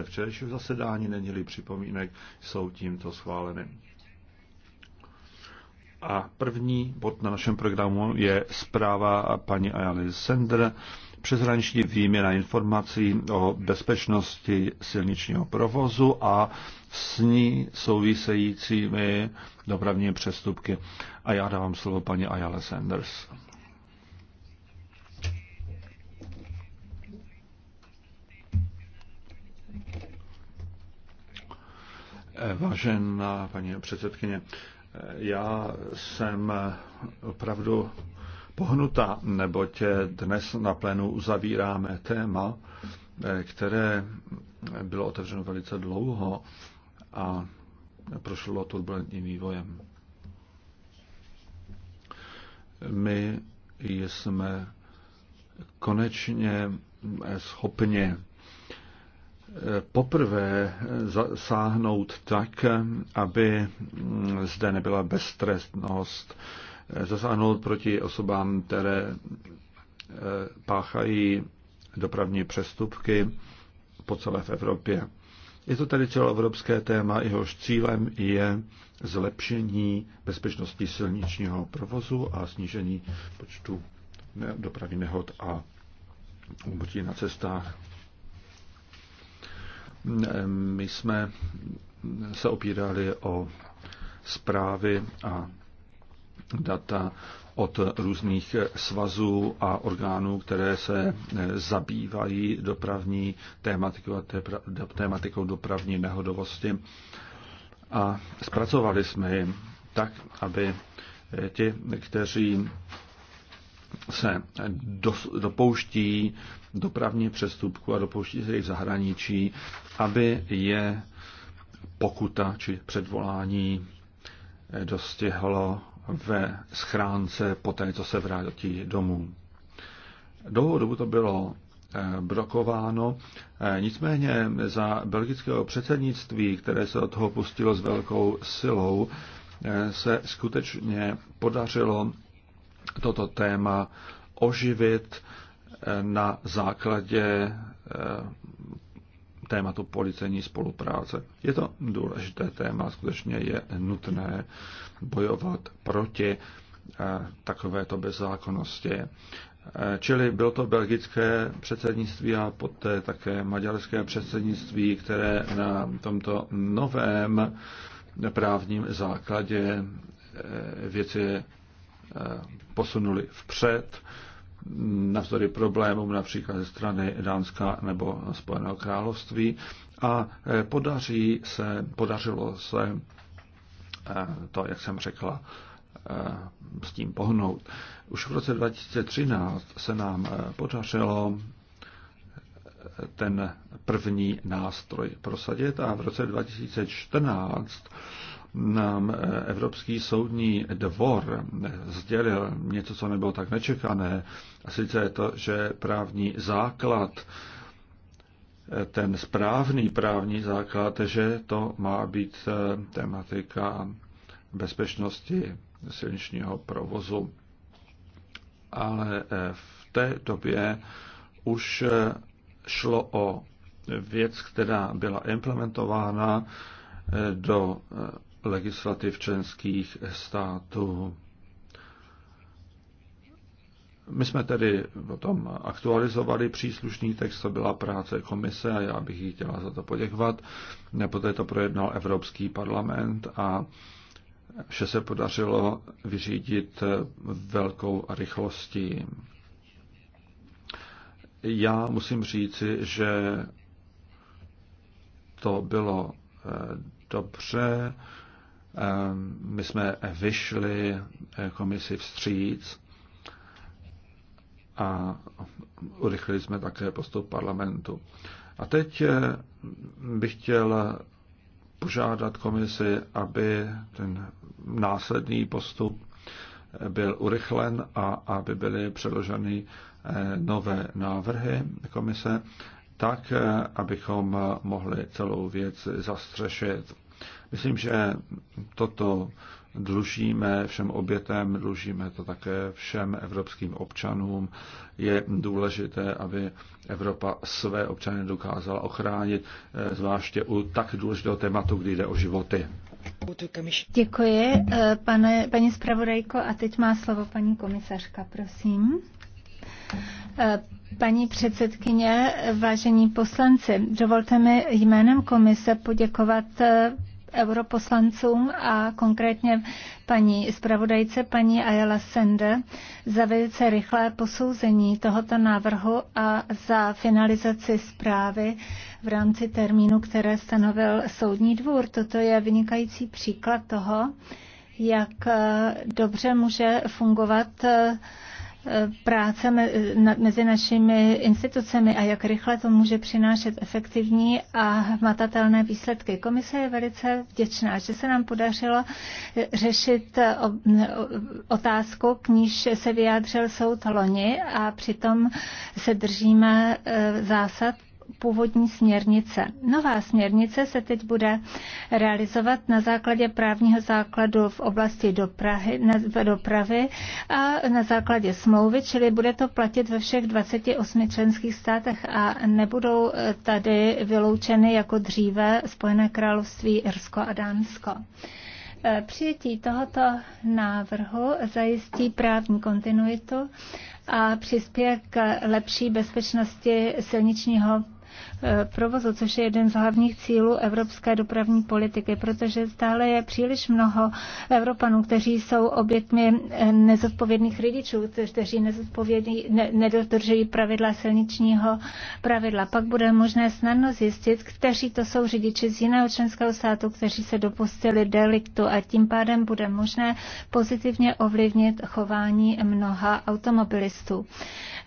ve včerejším zasedání, není-li připomínek, jsou tímto schváleny. A první bod na našem programu je zpráva paní Ayany Sender, přeshraniční výměna informací o bezpečnosti silničního provozu a s ní souvisejícími dopravními přestupky. A já dávám slovo paní Ayala Sanders. Vážená paní předsedkyně, já jsem opravdu pohnutá, neboť dnes na plénu uzavíráme téma, které bylo otevřeno velice dlouho a prošlo turbulentním vývojem. My jsme konečně schopni poprvé zasáhnout tak, aby zde nebyla beztrestnost, zasáhnout proti osobám, které eh, páchají dopravní přestupky po celé v Evropě. Je to tedy celoevropské téma, jehož cílem je zlepšení bezpečnosti silničního provozu a snížení počtu dopravy nehod a úmrtí na cestách. My jsme se opírali o zprávy a data od různých svazů a orgánů, které se zabývají dopravní tématikou a tématikou dopravní nehodovosti. A zpracovali jsme je tak, aby ti, kteří se dopouští dopravní přestupku a dopouští se jich v zahraničí, aby je pokuta či předvolání eh, dostihlo ve schránce poté, co se vrátí domů. Dlouhou dobu to bylo eh, brokováno. Eh, nicméně za belgického předsednictví, které se od toho pustilo s velkou silou, se skutečně podařilo toto téma oživit na základě eh, tématu policejní spolupráce. Je to důležité téma, skutečně je nutné bojovat proti eh, takovéto bezzákonnosti. Eh, čili bylo to belgické předsednictví a poté také maďarské předsednictví, které na tomto novém právním základě věci posunuli vpřed navzdory problémům například ze strany Dánska nebo Spojeného království a eh, podaří se, podařilo se eh, to, jak jsem řekla, eh, s tím pohnout. Už v roce 2013 se nám podařilo ten první nástroj prosadit a v roce 2014 nám eh, Evropský soudní dvor eh, sdělil něco, co nebylo tak nečekané, a sice je to, že právní základ, eh, ten správný právní základ, že to má být tematika bezpečnosti silničního provozu. Ale v té době už šlo o věc, která byla implementována do legislativ členských států. My jsme tedy potom aktualizovali příslušný text, to byla práce komise a já bych jí chtěla za to poděkovat. Poté to projednal Evropský parlament a vše se podařilo vyřídit velkou rychlostí. Já musím říci, že to bylo eh, dobře. Ehm, my jsme vyšli eh, komisi vstříc a urychlili jsme také postup parlamentu. A teď eh, bych chtěl požádat komisi, aby ten následný postup eh, byl urychlen a aby byly předloženy nové návrhy komise, tak, abychom mohli celou věc zastřešit. Myslím, že toto dlužíme všem obětem, dlužíme to také všem evropským občanům. Je důležité, aby Evropa své občany dokázala ochránit, eh, zvláště u tak důležitého tématu, kdy jde o životy. Děkuji, eh, pane, paní zpravodajko, a teď má slovo paní komisařka, prosím. Eh, paní předsedkyně, vážení poslanci, dovolte mi jménem komise poděkovat europoslancům a konkrétně paní zpravodajce, paní Ayala Sende, za velice rychlé posouzení tohoto návrhu a za finalizaci zprávy v rámci termínu, které stanovil Soudní dvůr. Toto je vynikající příklad toho, jak eh, dobře může fungovat eh, práce mezi našimi institucemi a jak rychle to může přinášet efektivní a matatelné výsledky. Komise je velice vděčná, že se nám podařilo řešit eh, eh, otázku, k níž se vyjádřil soud loni a přitom se držíme eh, zásad původní směrnice. Nová směrnice se teď bude realizovat na základě právního základu v oblasti dopravy, dopravy a na základě smlouvy, čili bude to platit ve všech 28 členských státech a nebudou eh, tady vyloučeny jako dříve Spojené království, Irsko a Dánsko. Eh, přijetí tohoto návrhu zajistí právní kontinuitu a přispěje k lepší bezpečnosti silničního Eh, provozu, což je jeden z hlavních cílů evropské dopravní politiky, protože stále je příliš mnoho Evropanů, kteří jsou obětmi eh, nezodpovědných řidičů, kteří nezodpovědní, ne, nedodržují pravidla silničního pravidla. Pak bude možné snadno zjistit, kteří to jsou řidiči z jiného členského státu, kteří se dopustili deliktu a tím pádem bude možné pozitivně ovlivnit chování mnoha automobilistů.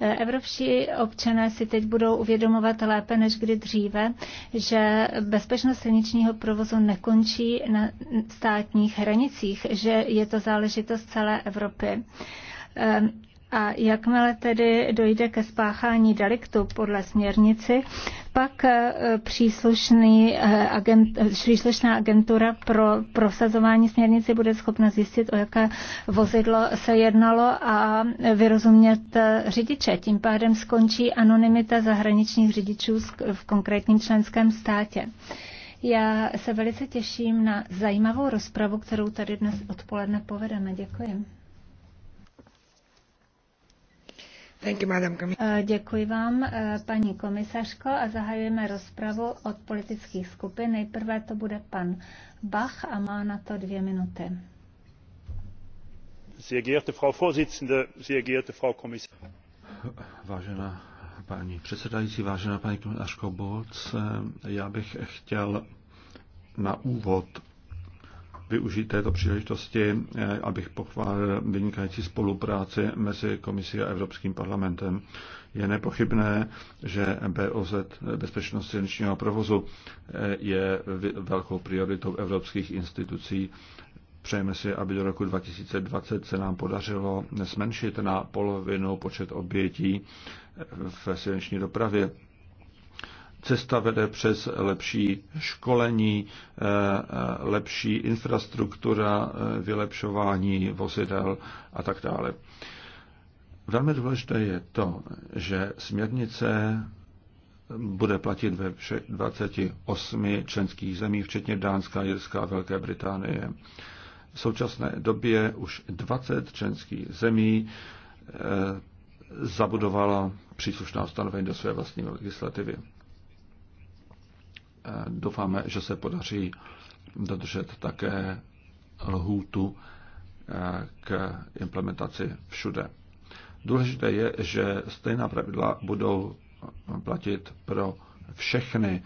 Eh, evropští občané si teď budou uvědomovat lépe, než kdy dříve, že bezpečnost silničního provozu nekončí na státních hranicích, že je to záležitost celé Evropy ehm, a jakmile tedy dojde ke spáchání deliktu podle směrnici, pak eh, příslušný eh, agent, příslušná agentura pro prosazování směrnice bude schopna zjistit, o jaké vozidlo se jednalo a vyrozumět eh, řidiče. Tím pádem skončí anonymita zahraničních řidičů v konkrétním členském státě. Já se velice těším na zajímavou rozpravu, kterou tady dnes odpoledne povedeme. Děkuji. Eh, děkuji vám, eh, paní komisařko, a zahajujeme rozpravu od politických skupin. Nejprve to bude pan Bach a má na to dvě minuty. Vážená paní předsedající, vážená paní komisařko Bolc, eh, já bych chtěl na úvod využít této příležitosti, eh, abych pochválil vynikající spolupráci mezi komisí a Evropským parlamentem. Je nepochybné, že BOZ, bezpečnost silničního provozu, eh, je velkou prioritou evropských institucí. Přejeme si, aby do roku 2020 se nám podařilo zmenšit na polovinu počet obětí eh, v silniční dopravě. Cesta vede přes lepší školení, eh, lepší infrastruktura, eh, vylepšování vozidel a tak dále. Velmi důležité je to, že směrnice bude platit ve 28 členských zemí, včetně Dánska, Jirska a Velké Británie. V současné době už 20 členských zemí eh, zabudovala příslušná ustanovení do své vlastní legislativy. Doufáme, že se podaří dodržet také lhůtu eh, k implementaci všude. Důležité je, že stejná pravidla budou platit pro všechny,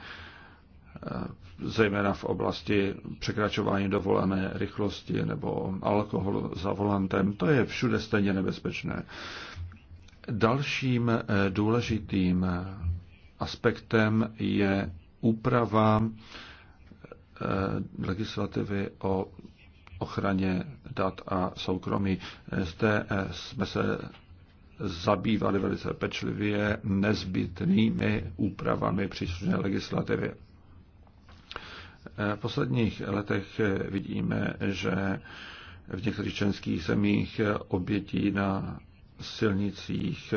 eh, zejména v oblasti překračování dovolené rychlosti nebo alkoholu za volantem. To je všude stejně nebezpečné. Dalším eh, důležitým aspektem je úpravám eh, legislativy o ochraně dat a soukromí. Zde eh, jsme se zabývali velice pečlivě nezbytnými úpravami příslušné legislativy. V posledních letech vidíme, že v některých členských zemích obětí na silnicích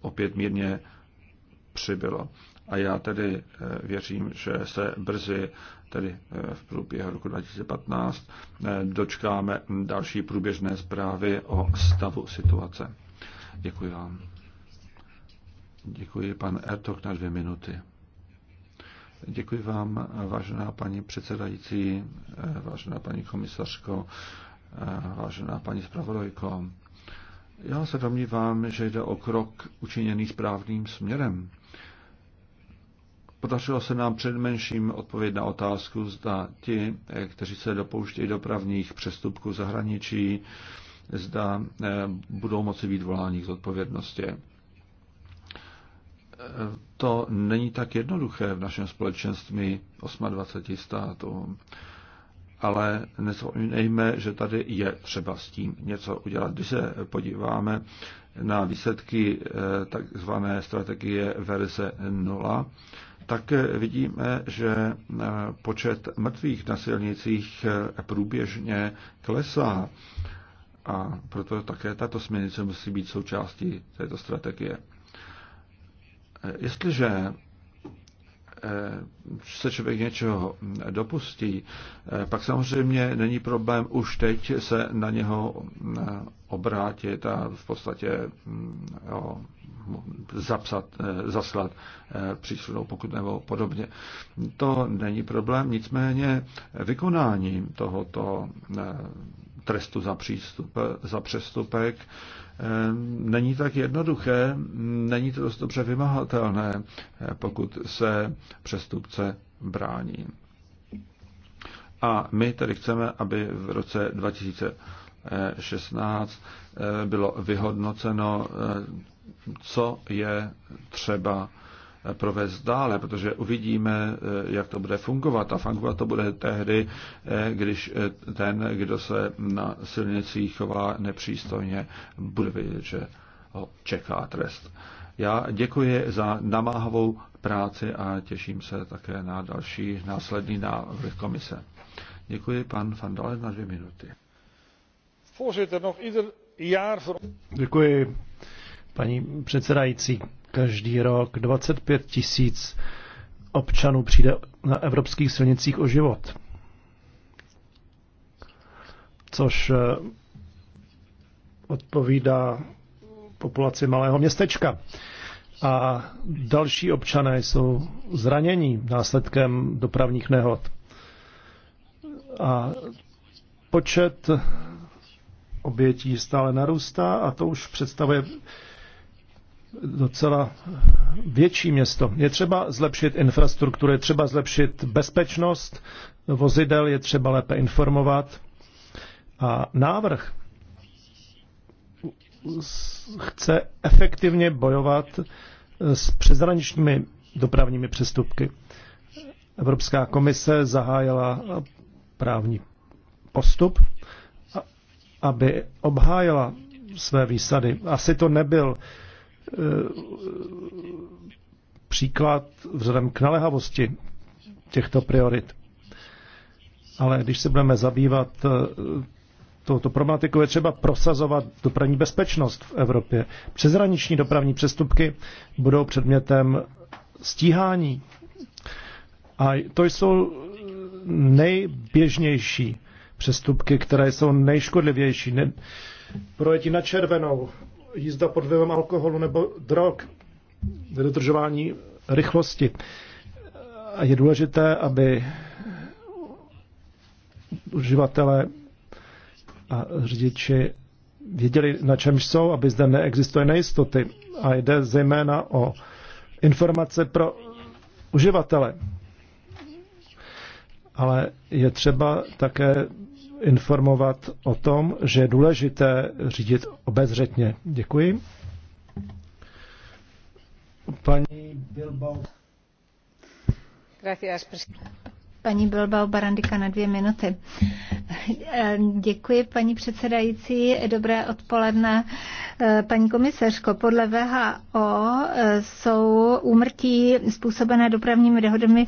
opět mírně přibylo. A já tedy eh, věřím, že se brzy, tedy eh, v průběhu roku 2015, eh, dočkáme další průběžné zprávy o stavu situace. Děkuji vám. Děkuji, pan Ertok, na dvě minuty. Děkuji vám, vážená paní předsedající, vážená paní komisařko, vážená paní zpravodajko. Já se domnívám, že jde o krok učiněný správným směrem. Podařilo se nám menším odpověď na otázku, zda ti, eh, kteří se dopouštějí dopravních přestupků zahraničí, zda eh, budou moci být voláni k odpovědnosti. Eh, to není tak jednoduché v našem společenství 28 států, ale nezapomínejme, že tady je třeba s tím něco udělat. Když se podíváme na výsledky takzvané strategie verze 0, také vidíme, že eh, počet mrtvých na silnicích eh, průběžně klesá a proto také tato směrnice musí být součástí této strategie. Eh, jestliže se člověk něčeho dopustí, eh, pak samozřejmě není problém už teď se na něho eh, obrátit a v podstatě jo, mm, zapsat, eh, zaslat příslušnou pokud nebo podobně. To není problém, nicméně vykonáním tohoto trestu za, přístup, za přestupek Ehm, není tak jednoduché, není to dost dobře vymahatelné, eh, pokud se přestupce brání. A my tedy chceme, aby v roce 2016 eh, bylo vyhodnoceno, eh, co je třeba provést dále, protože uvidíme, eh, jak to bude fungovat. A fungovat to bude tehdy, eh, když eh, ten, kdo se na silnicích chová nepřístojně, bude vědět, že ho čeká trest. Já děkuji za namáhavou práci a těším se také na další následný návrh komise. Děkuji, pan Van Dalen, na dvě minuty. Děkuji, paní předsedající. Každý rok 25 tisíc občanů přijde na evropských silnicích o život. Což eh, odpovídá populaci malého městečka. A další občané jsou zranění následkem dopravních nehod. A počet obětí stále narůstá a to už představuje docela větší město. Je třeba zlepšit infrastrukturu, je třeba zlepšit bezpečnost vozidel, je třeba lépe informovat. A návrh chce efektivně bojovat s přezraničními dopravními přestupky. Evropská komise zahájila právní postup, aby obhájila své výsady. Asi to nebyl Eh, příklad vzhledem k naléhavosti těchto priorit. Ale když se budeme zabývat eh, touto problematikou, je třeba prosazovat dopravní bezpečnost v Evropě. Přezraniční dopravní přestupky budou předmětem stíhání. A to jsou nejběžnější přestupky, které jsou nejškodlivější. projetí na červenou, jízda pod vlivem alkoholu nebo drog, nedodržování rychlosti. A je důležité, aby uživatelé a řidiči věděli, na čem jsou, aby zde neexistuje nejistoty. A jde zejména o informace pro uživatele. Ale je třeba také informovat o tom, že je důležité řídit obezřetně. Děkuji. Paní Bilbao. Paní Bilbao Barandika na dvě minuty. Děkuji, paní předsedající. Dobré odpoledne, paní komisařko. Podle VHO jsou úmrtí způsobené dopravními dohodami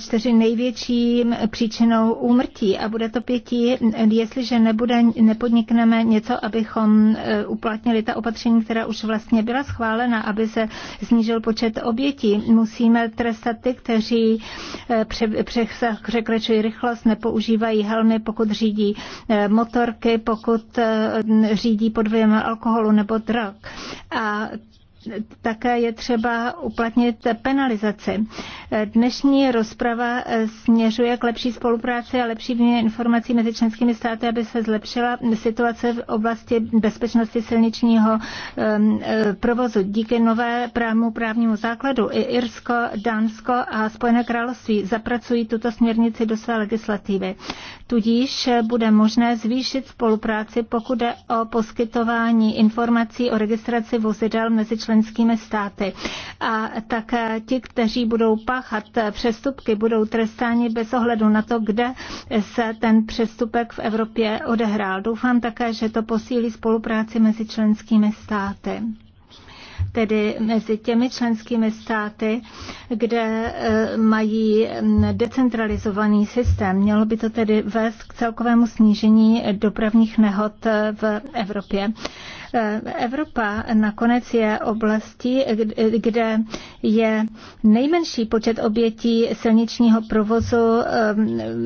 čtyři největší příčinou úmrtí a bude to pětí, jestliže nebude, nepodnikneme něco, abychom uplatnili ta opatření, která už vlastně byla schválena, aby se snížil počet obětí. Musíme trestat ty, kteří eh, překračují rychlost, nepoužívají helmy, pokud říkají řídí eh, motorky, pokud eh, řídí pod vlivem alkoholu nebo drog. A také je třeba uplatnit penalizaci. Dnešní rozprava směřuje k lepší spolupráci a lepší výměně informací mezi členskými státy, aby se zlepšila situace v oblasti bezpečnosti silničního um, eh, provozu. Díky nové právnímu právnímu základu i Irsko, Dánsko a Spojené království zapracují tuto směrnici do své legislativy. Tudíž bude možné zvýšit spolupráci, pokud jde o poskytování informací o registraci vozidel mezi členskými členskými státy. A tak ti, kteří budou páchat přestupky, budou trestáni bez ohledu na to, kde se ten přestupek v Evropě odehrál. Doufám také, že to posílí spolupráci mezi členskými státy tedy mezi těmi členskými státy, kde eh, mají mm, decentralizovaný systém. Mělo by to tedy vést k celkovému snížení dopravních nehod eh, v Evropě. E, Evropa nakonec je oblastí, kde je nejmenší počet obětí silničního provozu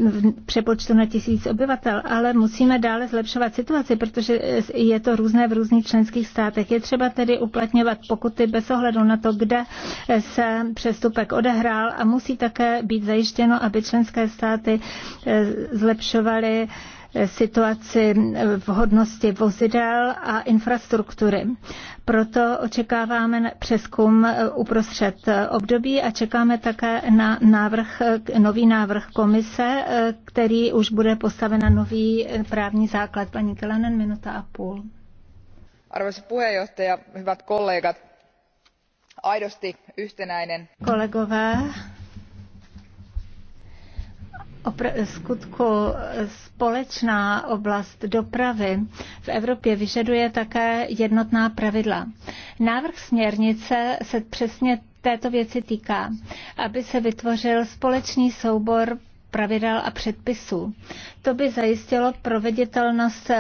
v přepočtu na tisíc obyvatel, ale musíme dále zlepšovat situaci, protože je to různé v různých členských státech. Je třeba tedy uplatňovat pokuty bez ohledu na to, kde se přestupek odehrál a musí také být zajištěno, aby členské státy e, zlepšovaly situaci v hodnosti vozidel a infrastruktury. Proto očekáváme přeskum uprostřed období a čekáme také na návrh, nový návrh komise, který už bude postaven na nový právní základ. Paní Kelenen, minuta a půl. Arvoisa puheenjohtaja, hyvät kollegat, aidosti yhtenäinen. Kolegové, opr- skutku eh, společná oblast dopravy v Evropě vyžaduje také jednotná pravidla. Návrh směrnice se přesně této věci týká, aby se vytvořil společný soubor pravidel a předpisů. To by zajistilo proveditelnost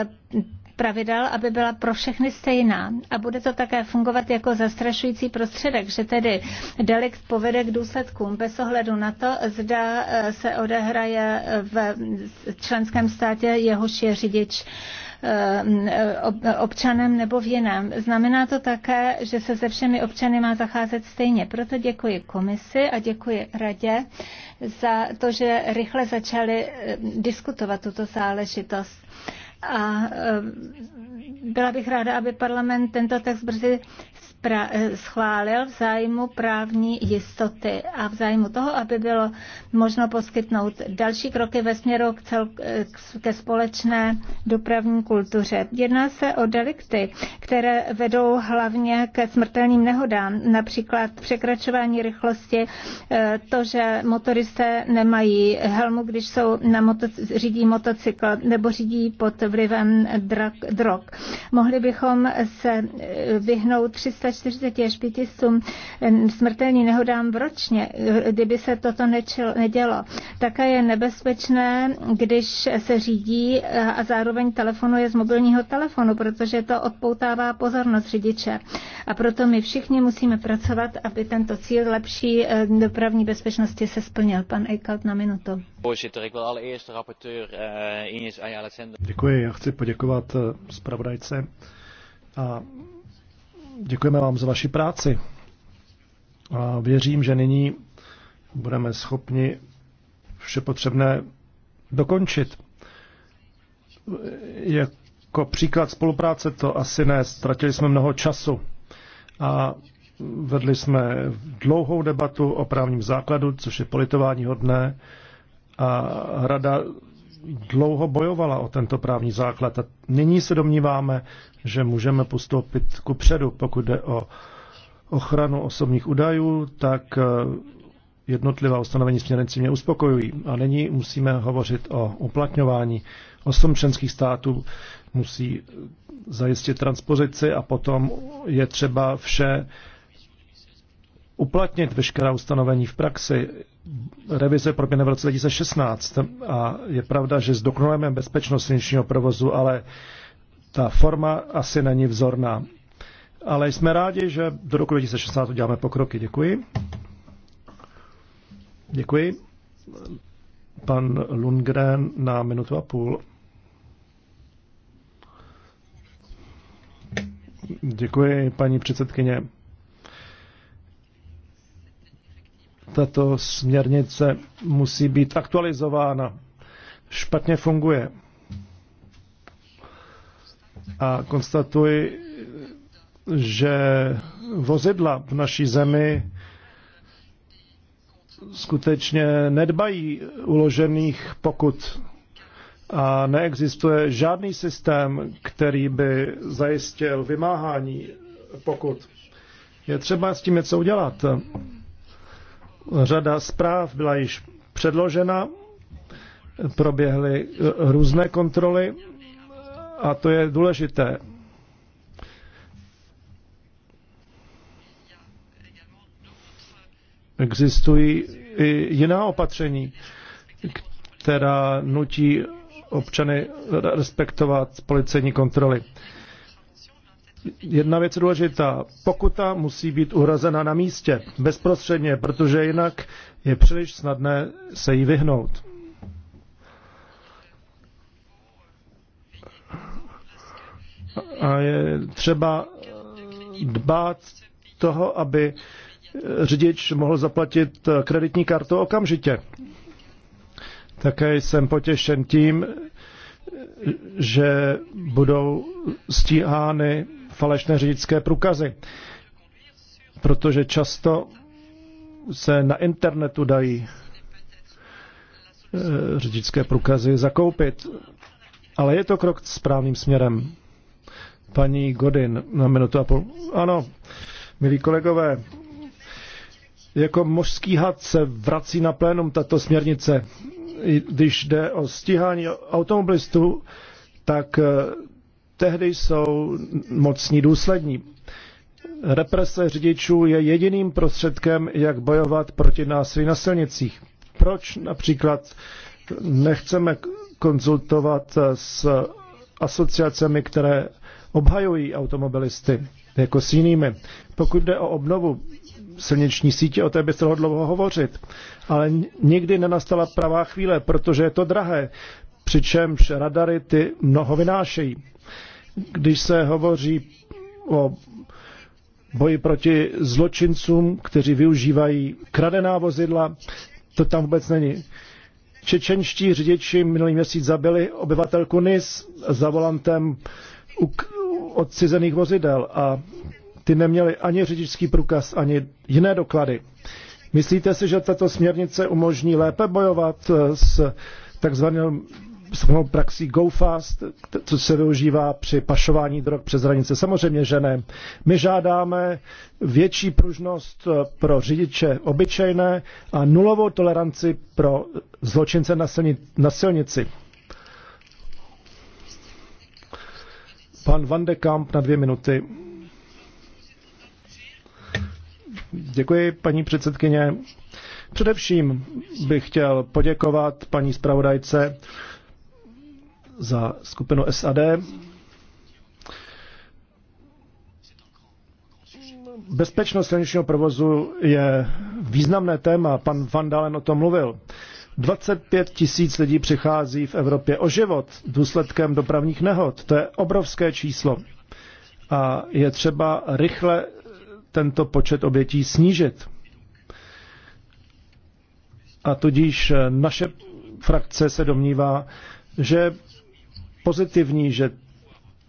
pravidel, aby byla pro všechny stejná. A bude to také fungovat jako zastrašující prostředek, že tedy delikt povede k důsledkům bez ohledu na to, zda eh, se odehraje eh, v členském státě, jehož je řidič eh, občanem nebo v jiném. Znamená to také, že se se všemi občany má zacházet stejně. Proto děkuji komisi a děkuji radě za to, že rychle začali diskutovat tuto záležitost a eh, byla bych ráda, aby parlament tento text brzy eh, schválil v zájmu právní jistoty a v zájmu toho, aby bylo možno poskytnout další kroky ve směru k cel, eh, ke společné dopravní kultuře. Jedná se o delikty, které vedou hlavně ke smrtelným nehodám, například překračování rychlosti, to, že motoristé nemají helmu, když jsou na moto, řídí motocykl nebo řídí pod vlivem drog. Mohli bychom se eh, vyhnout 340 až 500 eh, smrtelní nehodám ročně, eh, kdyby se toto nečilo, nedělo. Také je nebezpečné, když se řídí a zároveň telefonuje z mobilního telefonu, protože to odpoutává pozornost řidiče. A proto my všichni musíme pracovat, aby tento cíl lepší dopravní bezpečnosti se splnil. Pan Eichelt na minutu. Děkuji, já chci poděkovat eh, zpravodajce a děkujeme vám za vaši práci. A věřím, že nyní budeme schopni vše potřebné dokončit. Jako příklad spolupráce to asi ne, ztratili jsme mnoho času a vedli jsme dlouhou debatu o právním základu, což je politování hodné a rada dlouho bojovala o tento právní základ a nyní se domníváme, že můžeme postoupit ku předu, pokud jde o ochranu osobních údajů, tak eh, jednotlivá ustanovení směrnici mě uspokojují. A nyní musíme hovořit o uplatňování. Osm členských států musí eh, zajistit transpozici a potom je třeba vše uplatnit veškerá ustanovení v praxi. Revize proběhne v roce 2016 a je pravda, že zdokonalujeme bezpečnost silničního provozu, ale ta forma asi není vzorná. Ale jsme rádi, že do roku 2016 uděláme pokroky. Děkuji. Děkuji. Pan Lundgren na minutu a půl. Děkuji, paní předsedkyně. Tato směrnice musí být aktualizována. Špatně funguje. A konstatuji, že vozidla v naší zemi skutečně nedbají uložených pokut a neexistuje žádný systém, který by zajistil vymáhání pokut. Je třeba s tím něco udělat. Řada zpráv byla již předložena, proběhly různé kontroly a to je důležité. Existují i jiná opatření, která nutí občany respektovat policejní kontroly. Jedna věc je důležitá. Pokuta musí být uhrazena na místě, bezprostředně, protože jinak je příliš snadné se jí vyhnout. A je třeba dbát toho, aby řidič mohl zaplatit kreditní kartu okamžitě. Také jsem potěšen tím, že budou stíhány falešné řidičské průkazy, protože často se na internetu dají eh, řidičské průkazy zakoupit. Ale je to krok správným směrem. Paní Godin na minutu a půl. Ano, milí kolegové, jako mořský had se vrací na plénum tato směrnice. Když jde o stíhání automobilistů, tak eh, tehdy jsou mocní důslední. Represe řidičů je jediným prostředkem, jak bojovat proti násilí na silnicích. Proč například nechceme konzultovat s asociacemi, které obhajují automobilisty, jako s jinými. Pokud jde o obnovu silniční sítě, o té by se dalo dlouho hovořit, ale nikdy nenastala pravá chvíle, protože je to drahé, přičemž radary ty mnoho vynášejí když se hovoří o boji proti zločincům, kteří využívají kradená vozidla, to tam vůbec není. Čečenští řidiči minulý měsíc zabili obyvatelku Nis za volantem odcizených vozidel a ty neměli ani řidičský průkaz, ani jiné doklady. Myslíte si, že tato směrnice umožní lépe bojovat s takzvaným svou praxí Go Fast, co se využívá při pašování drog přes hranice. Samozřejmě, že ne. My žádáme větší pružnost eh, pro řidiče obyčejné a nulovou toleranci pro zločince na silnici. Pan Van de Kamp na dvě minuty. Děkuji, paní předsedkyně. Především bych chtěl poděkovat paní zpravodajce za skupinu SAD. Bezpečnost silničního provozu je významné téma, pan Van Dalen o tom mluvil. 25 tisíc lidí přichází v Evropě o život důsledkem dopravních nehod. To je obrovské číslo. A je třeba rychle tento počet obětí snížit. A tudíž naše frakce se domnívá, že pozitivní, že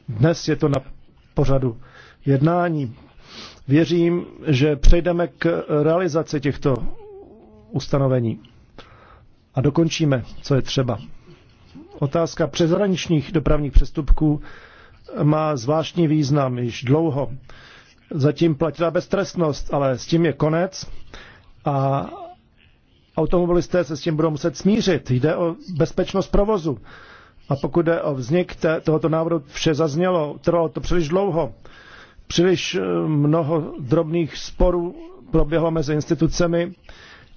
dnes je to na pořadu jednání. Věřím, že přejdeme k realizaci těchto ustanovení a dokončíme, co je třeba. Otázka přezraničních dopravních přestupků má zvláštní význam již dlouho. Zatím platila beztrestnost, ale s tím je konec a automobilisté se s tím budou muset smířit. Jde o bezpečnost provozu. A pokud jde o vznik tohoto návrhu, vše zaznělo, trvalo to příliš dlouho. Příliš eh, mnoho drobných sporů proběhlo mezi institucemi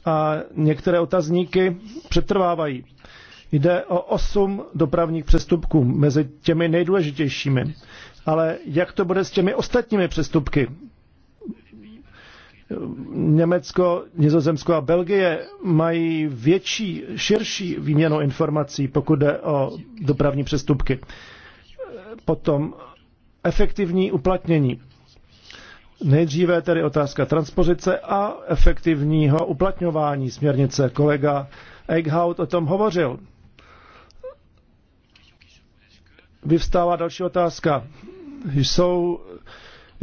a některé otazníky přetrvávají. Jde o osm dopravních přestupků mezi těmi nejdůležitějšími. Ale jak to bude s těmi ostatními přestupky? Německo, Nizozemsko a Belgie mají větší, širší výměnu informací, pokud jde o dopravní přestupky. Potom efektivní uplatnění. Nejdříve tedy otázka transpozice a efektivního uplatňování směrnice. Kolega Eichhout o tom hovořil. Vyvstává další otázka. Jsou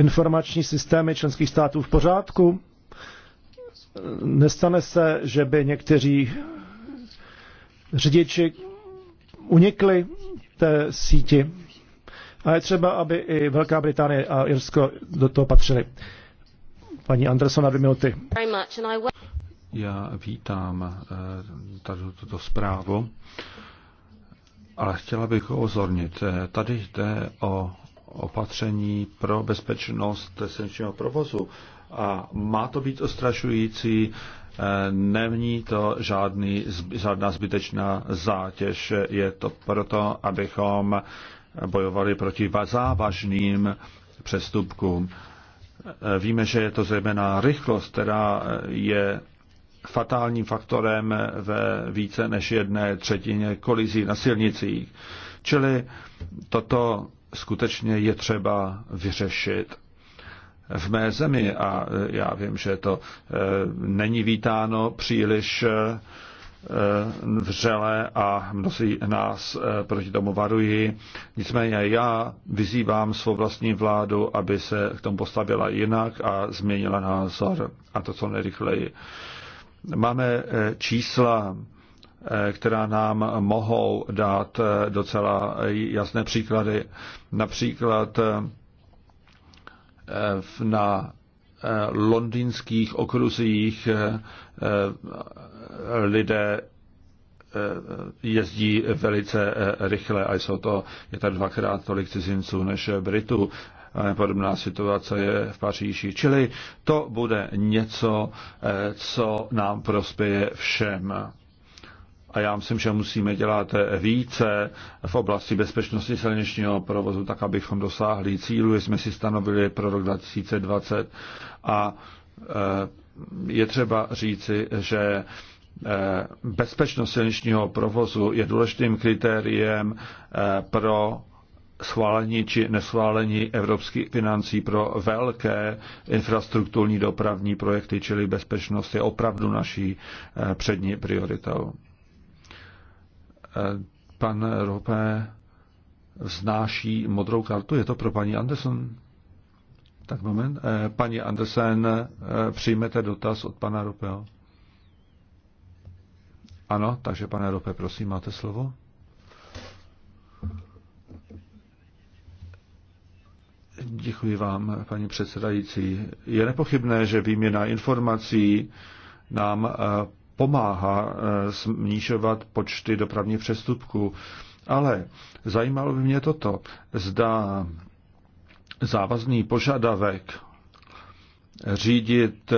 informační systémy členských států v pořádku? Nestane se, že by někteří řidiči unikli té síti. A je třeba, aby i Velká Británie a Irsko do toho patřili. Paní Andersona, dvě minuty. Já vítám eh, tady tuto zprávu, ale chtěla bych ho ozornit. Eh, tady jde o opatření pro bezpečnost silničního provozu a má to být ostrašující, eh, není to žádný, žádná zbytečná zátěž, je to proto, abychom bojovali proti závažným přestupkům. Eh, víme, že je to zejména rychlost, která eh, je fatálním faktorem ve více než jedné třetině kolizí na silnicích. Čili toto skutečně je třeba vyřešit. V mé zemi, a já vím, že to eh, není vítáno příliš eh, eh, vřele a mnozí nás proti tomu varují. Nicméně já vyzývám svou vlastní vládu, aby se k tomu postavila jinak a změnila názor a to co nejrychleji. Máme čísla Eh, která nám mohou dát eh, docela jasné příklady. Například eh, na londýnských okruzích lidé jezdí velice rychle a jsou to, je tady dvakrát tolik cizinců než Britů. Podobná situace je v Paříži. Čili to bude něco, co nám prospěje všem a já myslím, že musíme dělat více v oblasti bezpečnosti silničního provozu, tak abychom dosáhli cílu, jsme si stanovili pro rok 2020 a eh, je třeba říci, že eh, bezpečnost silničního provozu je důležitým kritériem eh, pro schválení či neschválení evropských financí pro velké infrastrukturní dopravní projekty, čili bezpečnost je opravdu naší přední prioritou. Pan Rope vznáší modrou kartu. Je to pro paní Anderson? Tak moment. Eh, paní Andersen, eh, přijmete dotaz od pana Ropeho? Ano, takže pane Rope, prosím, máte slovo. Děkuji vám, paní předsedající. Je nepochybné, že výměna informací nám eh, pomáhá eh, snižovat počty dopravních přestupků. Ale zajímalo by mě toto. Zda závazný požadavek řídit eh,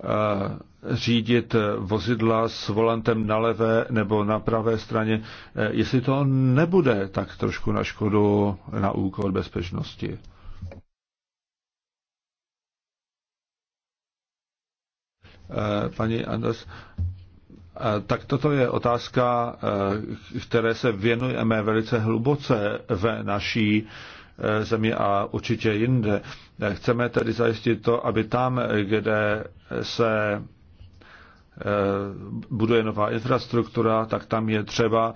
eh, řídit vozidla s volantem na levé nebo na pravé straně, jestli to nebude tak trošku na škodu, na úkol bezpečnosti. Eh, paní Anders. Eh, tak toto je otázka, eh, které se věnujeme velice hluboce v naší zemi a určitě jinde. Chceme tedy zajistit to, aby tam, kde se buduje nová infrastruktura, tak tam je třeba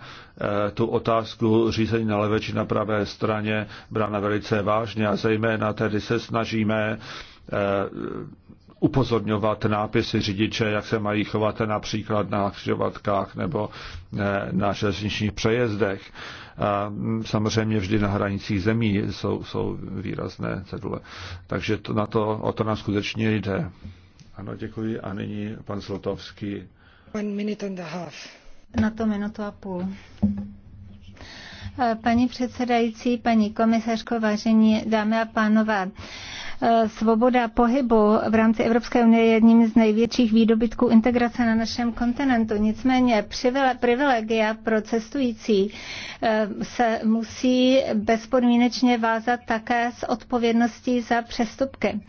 tu otázku řízení na levé či na pravé straně brána velice vážně a zejména tedy se snažíme upozorňovat nápisy řidiče, jak se mají chovat například na křižovatkách nebo eh, na železničních přejezdech. Mm, samozřejmě vždy na hranicích zemí jsou, jsou výrazné cedule. Takže to, na to, o to nám skutečně jde. Ano, děkuji. A nyní pan Zlotovský. One minute and a half. Na to minutu a půl. Eh, paní předsedající, paní komisařko, vážení dámy a pánové, Svoboda pohybu v rámci Evropské unie je jedním z největších výdobytků integrace na našem kontinentu. Nicméně privilegia pro cestující eh, se musí bezpodmínečně vázat také s odpovědností za přestupky.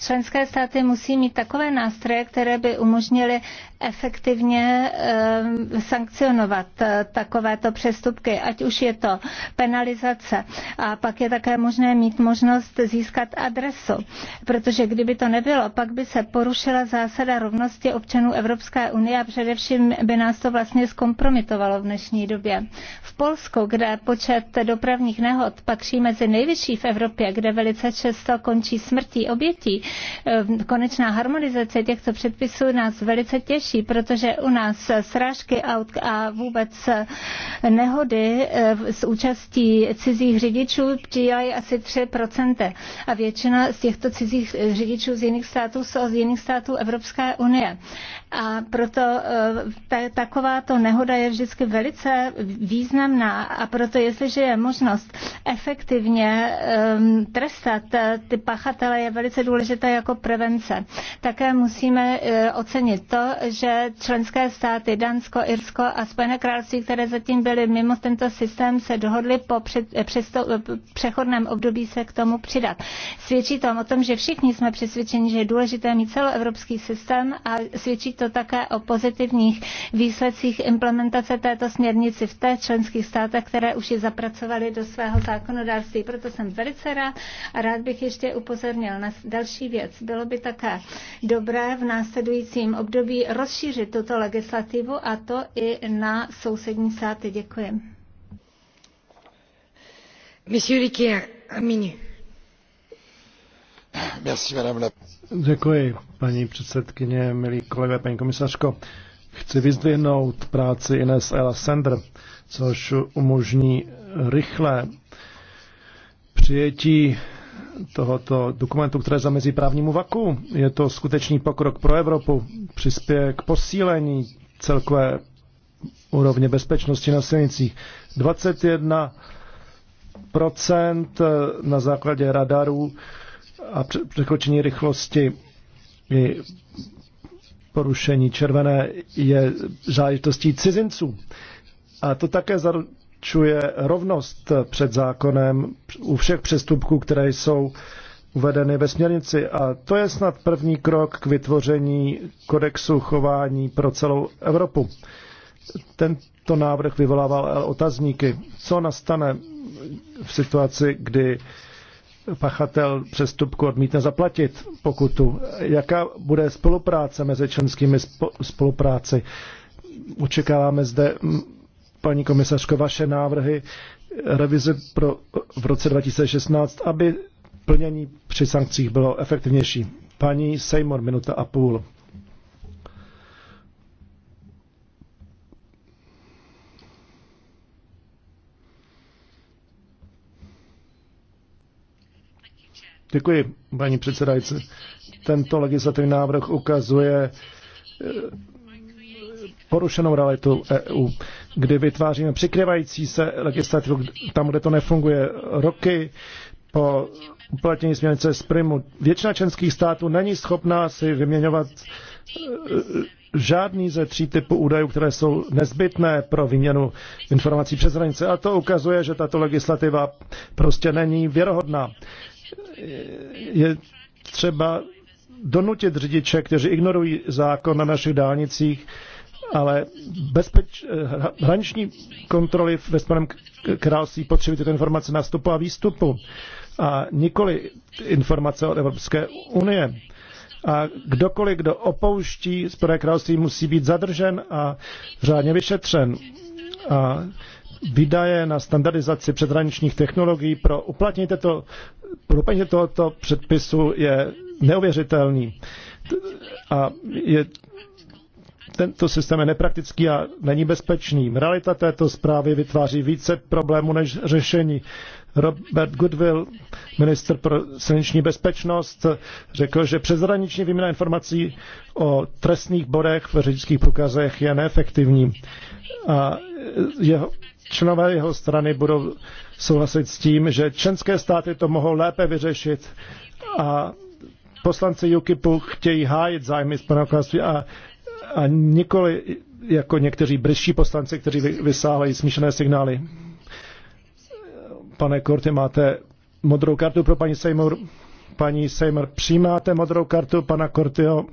Členské státy musí mít takové nástroje, které by umožnily efektivně eh, sankcionovat eh, takovéto přestupky, ať už je to penalizace. A pak je také možné mít možnost získat adresu smyslu, protože kdyby to nebylo, pak by se porušila zásada rovnosti občanů Evropské unie a především by nás to vlastně zkompromitovalo v dnešní době. V Polsku, kde počet dopravních nehod patří mezi nejvyšší v Evropě, kde velice často končí smrtí obětí, ehm, konečná harmonizace těchto předpisů nás velice těší, protože u nás srážky aut a vůbec nehody ehm, s účastí cizích řidičů přijají asi 3% a většina z těch těchto cizích eh, řidičů z jiných států jsou z jiných států Evropské unie. A proto eh, takováto nehoda je vždycky velice významná a proto jestliže je možnost efektivně ehm, trestat eh, ty pachatele je velice důležité jako prevence. Také musíme ocenit to, že členské státy Dansko, Irsko a Spojené království, které zatím byly mimo tento systém, se dohodly po před, přesto, přechodném období se k tomu přidat. Svědčí to o tom, že všichni jsme přesvědčeni, že je důležité mít celoevropský systém a svědčí to také o pozitivních výsledcích implementace této směrnici v té členských státech, které už ji zapracovaly do svého zákonodárství. Proto jsem velice rád a rád bych ještě upozornil na další věc. Bylo by také dobré v následujícím období rozšířit tuto legislativu a to i na sousední státy. Děkuji. Monsieur Riquier, un minute. Děkuji, paní předsedkyně, milí kolegové, paní komisařko. Chci vyzdvihnout práci Ines Ela Sender, což umožní rychle přijetí tohoto dokumentu, které zamezí právnímu vaku. Je to skutečný pokrok pro Evropu, přispěje k posílení celkové úrovně bezpečnosti na silnicích. 21 na základě radarů a překročení rychlosti i porušení červené je záležitostí cizinců. A to také zaručuje rovnost před zákonem u všech přestupků, které jsou uvedeny ve směrnici. A to je snad první krok k vytvoření kodexu chování pro celou Evropu. Tento návrh vyvolával otazníky. Co nastane v situaci, kdy pachatel přestupku odmítne zaplatit pokutu. Jaká bude spolupráce mezi členskými spolupráci? Očekáváme zde, paní komisařko, vaše návrhy revize pro, v roce 2016, aby plnění při sankcích bylo efektivnější. Paní Seymour, minuta a půl. Děkuji, paní předsedající. Tento legislativní návrh ukazuje eh, porušenou realitu EU, kdy vytváříme překrývající se legislativu tam, kde to nefunguje roky po uplatnění směrnice z Primu. Většina členských států není schopná si vyměňovat eh, žádný ze tří typů údajů, které jsou nezbytné pro výměnu informací přes hranice. A to ukazuje, že tato legislativa prostě není věrohodná je třeba donutit řidiče, kteří ignorují zákon na našich dálnicích, ale bezpeč, eh, hraniční kontroly ve Spojeném království potřebují tyto informace na vstupu a výstupu a nikoli informace od Evropské unie. A kdokoliv, kdo opouští Spojené království, musí být zadržen a řádně vyšetřen. A výdaje na standardizaci předhraničních technologií pro uplatnění, této, pro uplatnění tohoto předpisu je neuvěřitelný. A je, tento systém je nepraktický a není bezpečný. Realita této zprávy vytváří více problémů než řešení. Robert Goodwill, minister pro silniční bezpečnost, řekl, že přezraniční výměna informací o trestných bodech v řidičských průkazech je neefektivní. A jeho členové jeho strany budou souhlasit s tím, že členské státy to mohou lépe vyřešit a poslanci UKIPu chtějí hájit zájmy z a, a nikoli jako někteří bližší poslanci, kteří vysávají smíšené signály. Pane Korty, máte modrou kartu pro paní Seymour. Paní Seymour, přijímáte modrou kartu pana Kortyho?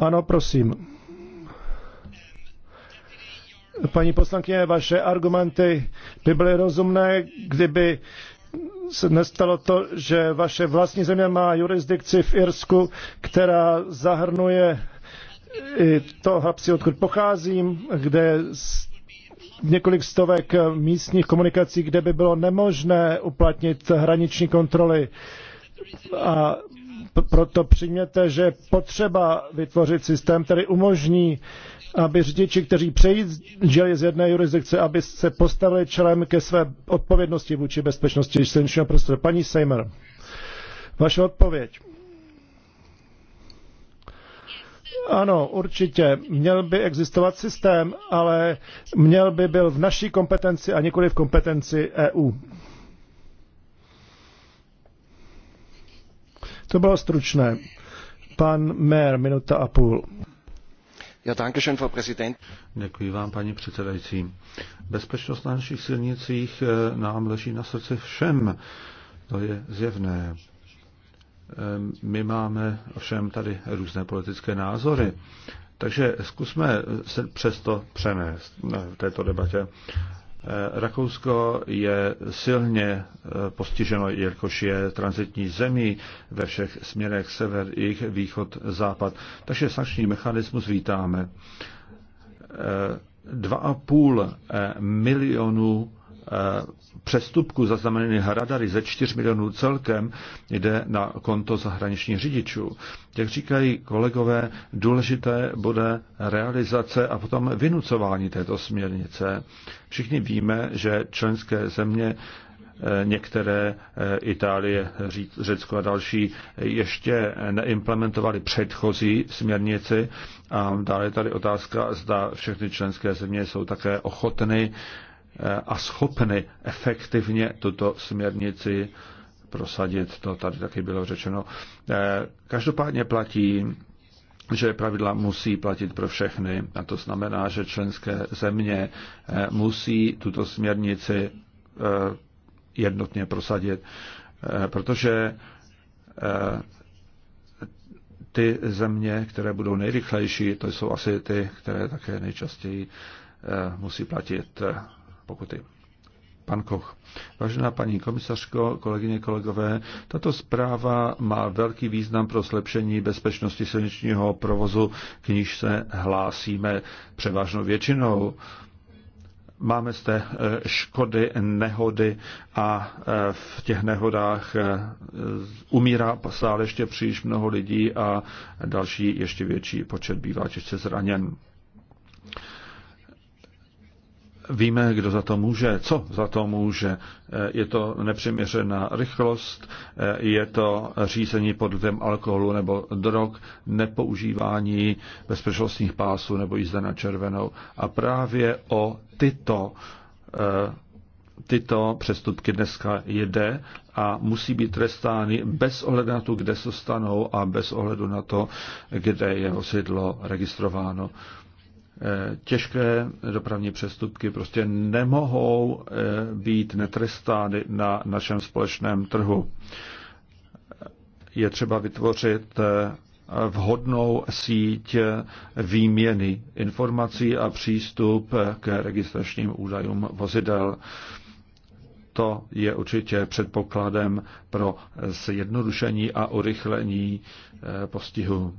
Ano, prosím. Paní poslankyně, vaše argumenty by byly rozumné, kdyby se nestalo to, že vaše vlastní země má jurisdikci v Irsku, která zahrnuje i to Hapsi, odkud pocházím, kde několik stovek místních komunikací, kde by bylo nemožné uplatnit hraniční kontroly. A proto přijměte, že potřeba vytvořit systém, který umožní aby řidiči, kteří přejížděli z jedné jurisdikce, aby se postavili čelem ke své odpovědnosti vůči bezpečnosti silničního prostoru. Paní Sejmer, vaše odpověď. Ano, určitě. Měl by existovat systém, ale měl by byl v naší kompetenci a nikoli v kompetenci EU. To bylo stručné. Pan Mér, minuta a půl. Děkuji vám, paní předsedající. Bezpečnost na našich silnicích eh, nám leží na srdci všem. To je zjevné. Eh, my máme všem tady různé politické názory. Takže zkusme se přesto přenést eh, v této debatě. Eh, Rakousko je silně eh, postiženo, jelikož je transitní zemí ve všech směrech sever, jih, východ, západ. Takže sankční mechanismus vítáme. 2,5 eh, milionu Eh, přestupku zaznamenaných radary ze 4 milionů celkem jde na konto zahraničních řidičů. Jak říkají kolegové, důležité bude realizace a potom vynucování této směrnice. Všichni víme, že členské země eh, některé eh, Itálie, Řecko a další ještě neimplementovali předchozí směrnici. A dále je tady otázka, zda všechny členské země jsou také ochotny Eh, a schopny efektivně tuto směrnici prosadit. To tady taky bylo řečeno. Eh, každopádně platí, že pravidla musí platit pro všechny a to znamená, že členské země eh, musí tuto směrnici jednotně prosadit, protože ty země, které budou nejrychlejší, to jsou asi ty, které také nejčastěji musí platit pokuty. Pan Koch. Vážená paní komisařko, kolegyně, kolegové, tato zpráva má velký význam pro zlepšení bezpečnosti silničního provozu, k níž se hlásíme převážnou většinou. Máme zde eh, škody, nehody a eh, v těch nehodách eh, umírá stále ještě příliš mnoho lidí a další ještě větší počet bývá těžce zraněn. Víme, kdo za to může, co za to může. Eh, je to nepřiměřená rychlost, eh, je to řízení pod vlivem alkoholu nebo drog, nepoužívání bezpečnostních pásů nebo jízda na červenou. A právě o tyto eh, tyto přestupky dneska jede a musí být trestány bez ohledu na to, kde se stanou a bez ohledu na to, kde je osidlo registrováno. Eh, těžké dopravní přestupky prostě nemohou eh, být netrestány na našem společném trhu. Je třeba vytvořit eh, vhodnou síť výměny informací a přístup k registračním údajům vozidel. To je určitě předpokladem pro zjednodušení a urychlení postihu.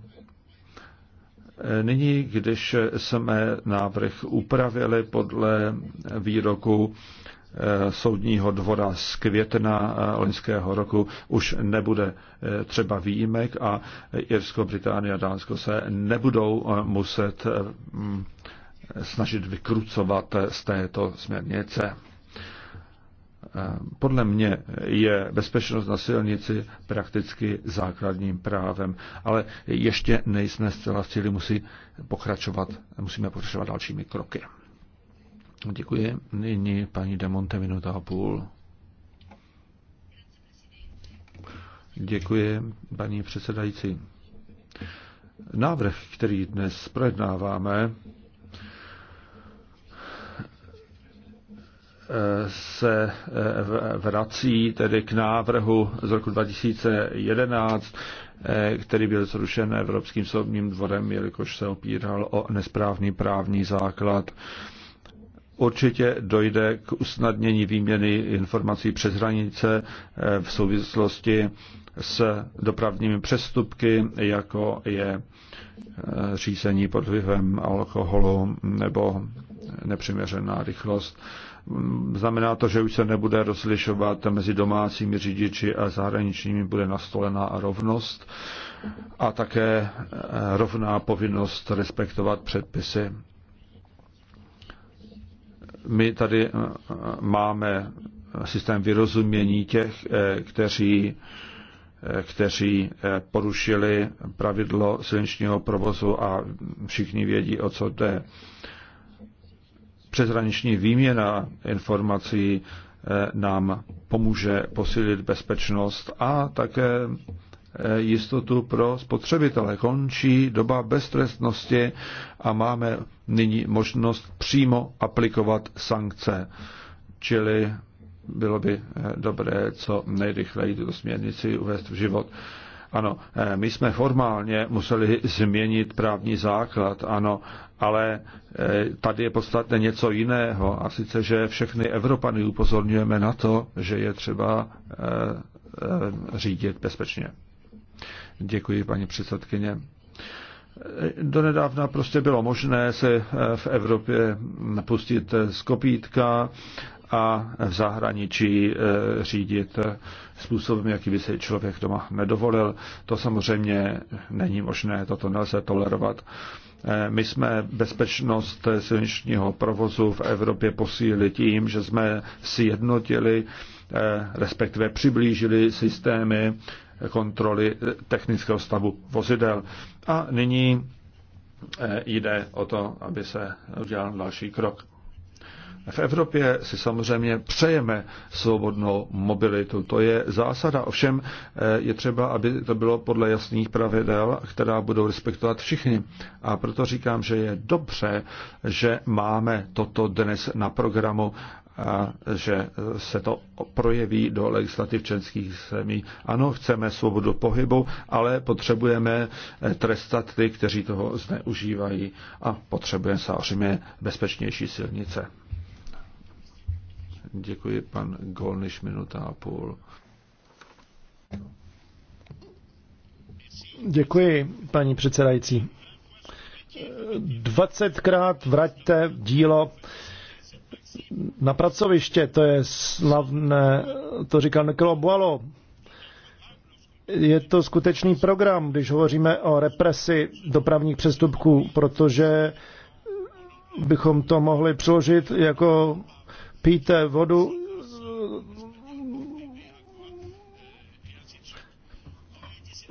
Nyní, když jsme návrh upravili podle výroku eh, soudního dvora z května eh, loňského roku, už nebude eh, třeba výjimek a Irsko, Británie a Dánsko se nebudou muset snažit vykrucovat z této směrnice. Eh, podle mě je bezpečnost na silnici prakticky základním právem, ale ještě nejsme zcela v cíli, musí pokračovat, musíme pokračovat dalšími kroky. Děkuji. Nyní paní Demonte minuta a půl. Děkuji, paní předsedající. Návrh, který dnes projednáváme, se eh, vrací tedy k návrhu z roku 2011, eh, který byl zrušen Evropským soudním dvorem, jelikož se opíral o nesprávný právní základ. Určitě dojde k usnadnění výměny informací přes hranice eh, v souvislosti s dopravními přestupky, jako je řízení pod vlivem alkoholu nebo nepřiměřená rychlost. Znamená to, že už se nebude rozlišovat mezi domácími řidiči a zahraničními, bude nastolená rovnost a také eh, rovná povinnost respektovat předpisy. My tady eh, máme systém vyrozumění těch, eh, kteří kteří porušili pravidlo silničního provozu a všichni vědí, o co jde přeshraniční výměna informací eh, nám pomůže posílit bezpečnost a také eh, jistotu pro spotřebitele. Končí doba beztrestnosti a máme nyní možnost přímo aplikovat sankce. Čili bylo by eh, dobré co nejrychleji tuto směrnici uvést v život. Ano, my jsme formálně museli změnit právní základ, ano, ale e, tady je podstatně něco jiného, a sice, že všechny Evropany upozorňujeme na to, že je třeba e, e, řídit bezpečně. Děkuji, paní předsedkyně. Donedávna prostě bylo možné se v Evropě pustit z kopítka a v zahraničí řídit způsobem, jaký by se člověk doma nedovolil. To samozřejmě není možné, toto nelze tolerovat. Eh, my jsme bezpečnost silničního provozu v Evropě posílili tím, že jsme si jednotili, eh, respektive přiblížili systémy kontroly eh, technického stavu vozidel. A nyní jde o to, aby se udělal další krok. V Evropě si samozřejmě přejeme svobodnou mobilitu. To je zásada, ovšem eh, je třeba, aby to bylo podle jasných pravidel, která budou respektovat všichni. A proto říkám, že je dobře, že máme toto dnes na programu a že se to projeví do legislativ členských zemí. Ano, chceme svobodu pohybu, ale potřebujeme eh, trestat ty, kteří toho zneužívají a potřebujeme samozřejmě bezpečnější silnice. Děkuji, pan Golniš, minuta a půl. Děkuji, paní předsedající. 20krát vraťte dílo na pracoviště, to je slavné, to říkal Nikolo Boalo. Je to skutečný program, když hovoříme o represi dopravních přestupků, protože bychom to mohli přeložit jako pijte vodu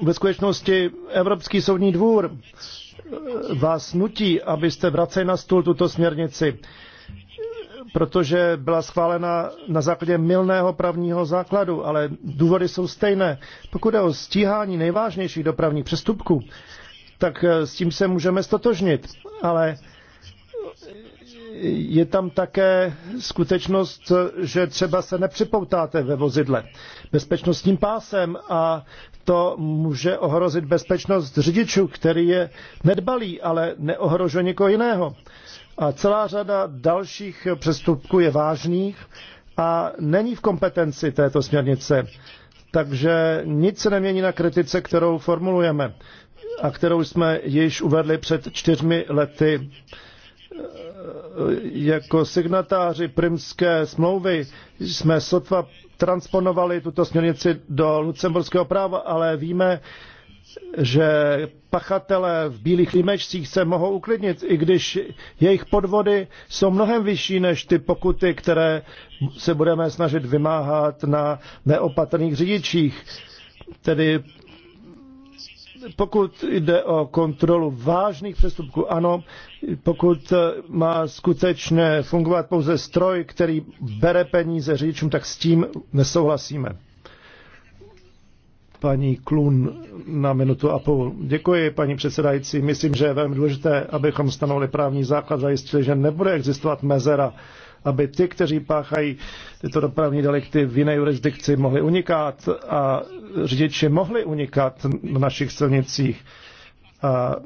ve skutečnosti Evropský soudní dvůr vás nutí, abyste vraceli na stůl tuto směrnici, protože byla schválena na základě milného právního základu, ale důvody jsou stejné. Pokud je o stíhání nejvážnějších dopravních přestupků, tak s tím se můžeme stotožnit, ale je tam také skutečnost, že třeba se nepřipoutáte ve vozidle bezpečnostním pásem a to může ohrozit bezpečnost řidičů, který je nedbalý, ale neohrožuje někoho jiného. A celá řada dalších přestupků je vážných a není v kompetenci této směrnice. Takže nic se nemění na kritice, kterou formulujeme a kterou jsme již uvedli před čtyřmi lety jako signatáři Primské smlouvy jsme sotva transponovali tuto směrnici do lucemburského práva, ale víme, že pachatele v bílých límečcích se mohou uklidnit, i když jejich podvody jsou mnohem vyšší než ty pokuty, které se budeme snažit vymáhat na neopatrných řidičích. Tedy pokud jde o kontrolu vážných přestupků, ano, pokud eh, má skutečně fungovat pouze stroj, který bere peníze řidičům, tak s tím nesouhlasíme. Paní Klun na minutu a půl. Děkuji, paní předsedající. Myslím, že je velmi důležité, abychom stanovili právní základ, zajistili, že nebude existovat mezera aby ty, kteří páchají tyto dopravní delikty v jiné jurisdikci, mohli unikat a řidiči mohli unikat na našich silnicích. A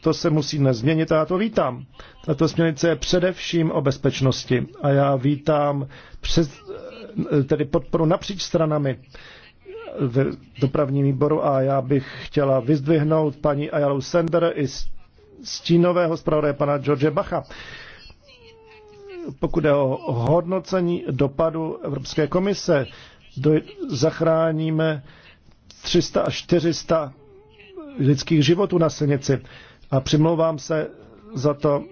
to se musí nezměnit a já to vítám. Tato směrnice je především o bezpečnosti a já vítám přes, tedy podporu napříč stranami v dopravním výboru a já bych chtěla vyzdvihnout paní Ayalu Sender i stínového zpravodaje pana George Bacha, pokud je o hodnocení dopadu Evropské komise, do, zachráníme 300 až 400 lidských životů na silnici. A přimlouvám se za to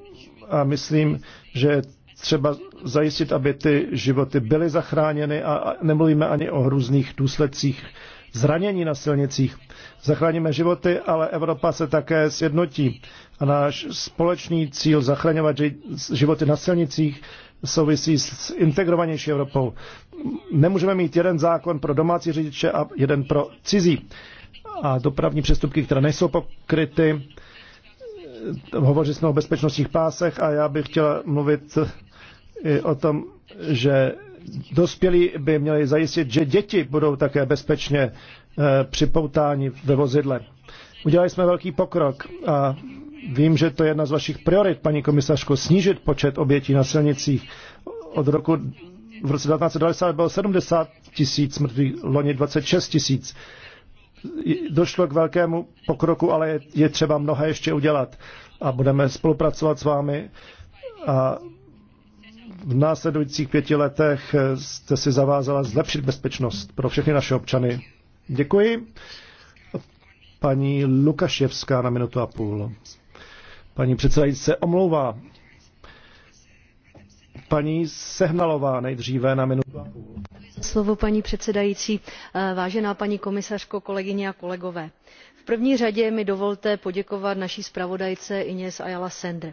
a myslím, že třeba zajistit, aby ty životy byly zachráněny a nemluvíme ani o hrůzných důsledcích zranění na silnicích zachráníme životy, ale Evropa se také sjednotí. A náš společný cíl zachraňovat životy na silnicích souvisí s integrovanější Evropou. Nemůžeme mít jeden zákon pro domácí řidiče a jeden pro cizí. A dopravní přestupky, které nejsou pokryty, hovoří jsme o bezpečnostních pásech a já bych chtěla mluvit i o tom, že dospělí by měli zajistit, že děti budou také bezpečně Eh, připoutáni ve vozidle. Udělali jsme velký pokrok a vím, že to je jedna z vašich priorit, paní komisařko, snížit počet obětí na silnicích. Od roku v roce 1990 bylo 70 tisíc mrtvých, loni 26 tisíc. Došlo k velkému pokroku, ale je, je třeba mnohé ještě udělat. A budeme spolupracovat s vámi a v následujících pěti letech eh, jste si zavázala zlepšit bezpečnost pro všechny naše občany Děkuji. Paní Lukaševská na minutu a půl. Paní předsedající se omlouvá. Paní Sehnalová nejdříve na minutu a půl. Slovo paní předsedající, vážená paní komisařko, kolegyně a kolegové. V první řadě mi dovolte poděkovat naší zpravodajce Ines Ayala Sender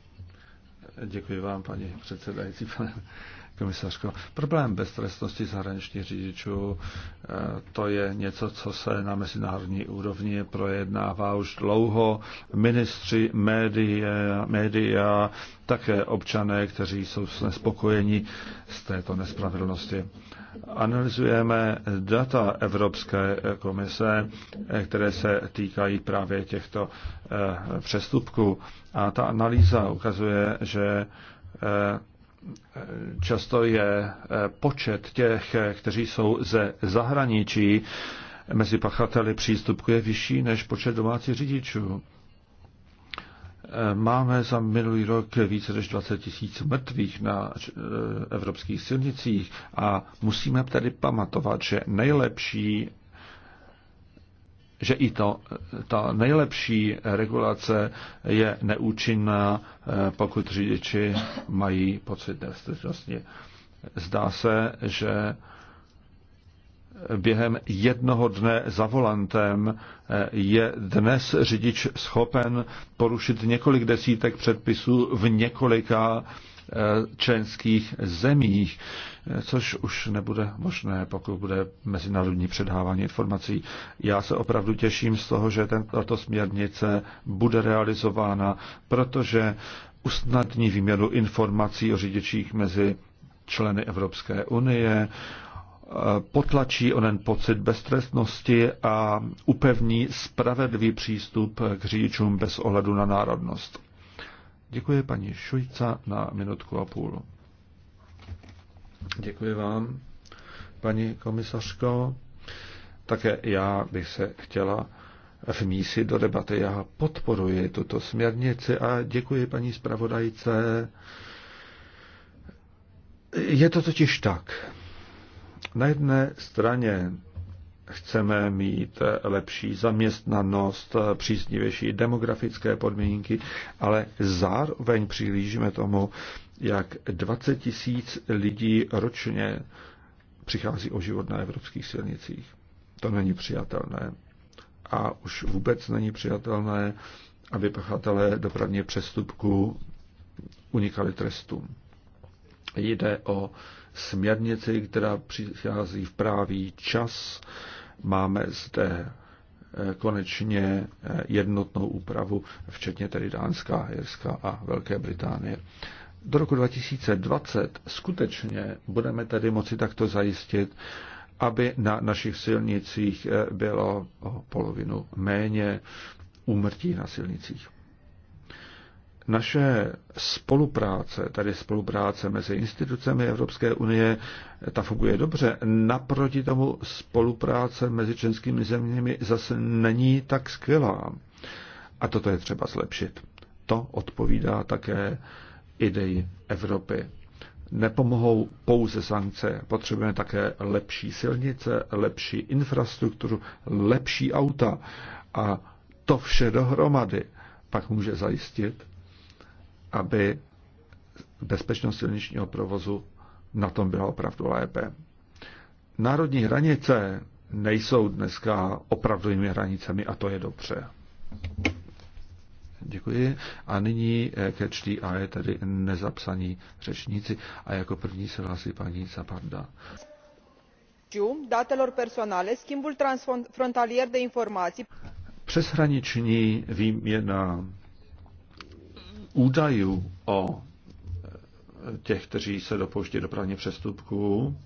Děkuji vám, paní předsedající, pane komisařko. Problém beztrestnosti zahraničních řidičů, eh, to je něco, co se na mezinárodní úrovni projednává už dlouho. Ministři, média, média také občané, kteří jsou nespokojeni z této nespravedlnosti. Analyzujeme data Evropské komise, eh, které se týkají právě těchto eh, přestupků. A ta analýza ukazuje, že často je eh, počet těch, eh, kteří jsou ze zahraničí, mezi pachateli přístupku je vyšší než počet domácích řidičů. Eh, máme za minulý rok více než 20 tisíc mrtvých na evropských silnicích a musíme tedy pamatovat, že nejlepší že i to, ta nejlepší regulace je neúčinná, eh, pokud řidiči mají pocit nebezpečnosti. Zdá se, že během jednoho dne za volantem eh, je dnes řidič schopen porušit několik desítek předpisů v několika eh, členských zemích, eh, což už nebude možné, pokud bude mezinárodní předávání informací. Já se opravdu těším z toho, že tato směrnice bude realizována, protože usnadní výměnu informací o řidičích mezi členy Evropské unie, potlačí onen pocit beztrestnosti a upevní spravedlivý přístup k řidičům bez ohledu na národnost. Děkuji paní Šujca na minutku a půl. Děkuji vám, paní komisařko. Také já bych se chtěla vmísit do debaty. Já podporuji tuto směrnici a děkuji paní zpravodajce. Je to totiž tak, na jedné straně chceme mít lepší zaměstnanost, příznivější demografické podmínky, ale zároveň přihlížíme tomu, jak 20 tisíc lidí ročně přichází o život na evropských silnicích. To není přijatelné. A už vůbec není přijatelné, aby pachatelé dopravně přestupku unikali trestům. Jde o směrnici, která přichází v právý čas. Máme zde eh, konečně eh, jednotnou úpravu, včetně tedy Dánska, Jirska a Velké Británie. Do roku 2020 skutečně budeme tedy moci takto zajistit, aby na našich silnicích eh, bylo o polovinu méně úmrtí na silnicích. Naše spolupráce, tady spolupráce mezi institucemi Evropské unie, ta funguje dobře. Naproti tomu spolupráce mezi členskými zeměmi zase není tak skvělá. A toto je třeba zlepšit. To odpovídá také ideji Evropy. Nepomohou pouze sankce, potřebujeme také lepší silnice, lepší infrastrukturu, lepší auta. A to vše dohromady pak může zajistit, aby bezpečnost silničního provozu na tom byla opravdu lépe. Národní hranice nejsou dneska opravdovými hranicemi a to je dobře. Děkuji. A nyní ke čtí a je tedy nezapsaní řečníci. A jako první se hlásí paní Zaparda. datelor personale, schimbul transfrontalier de informații. Přeshraniční výměna údajů o eh, těch, kteří se dopouští dopravně přestupků,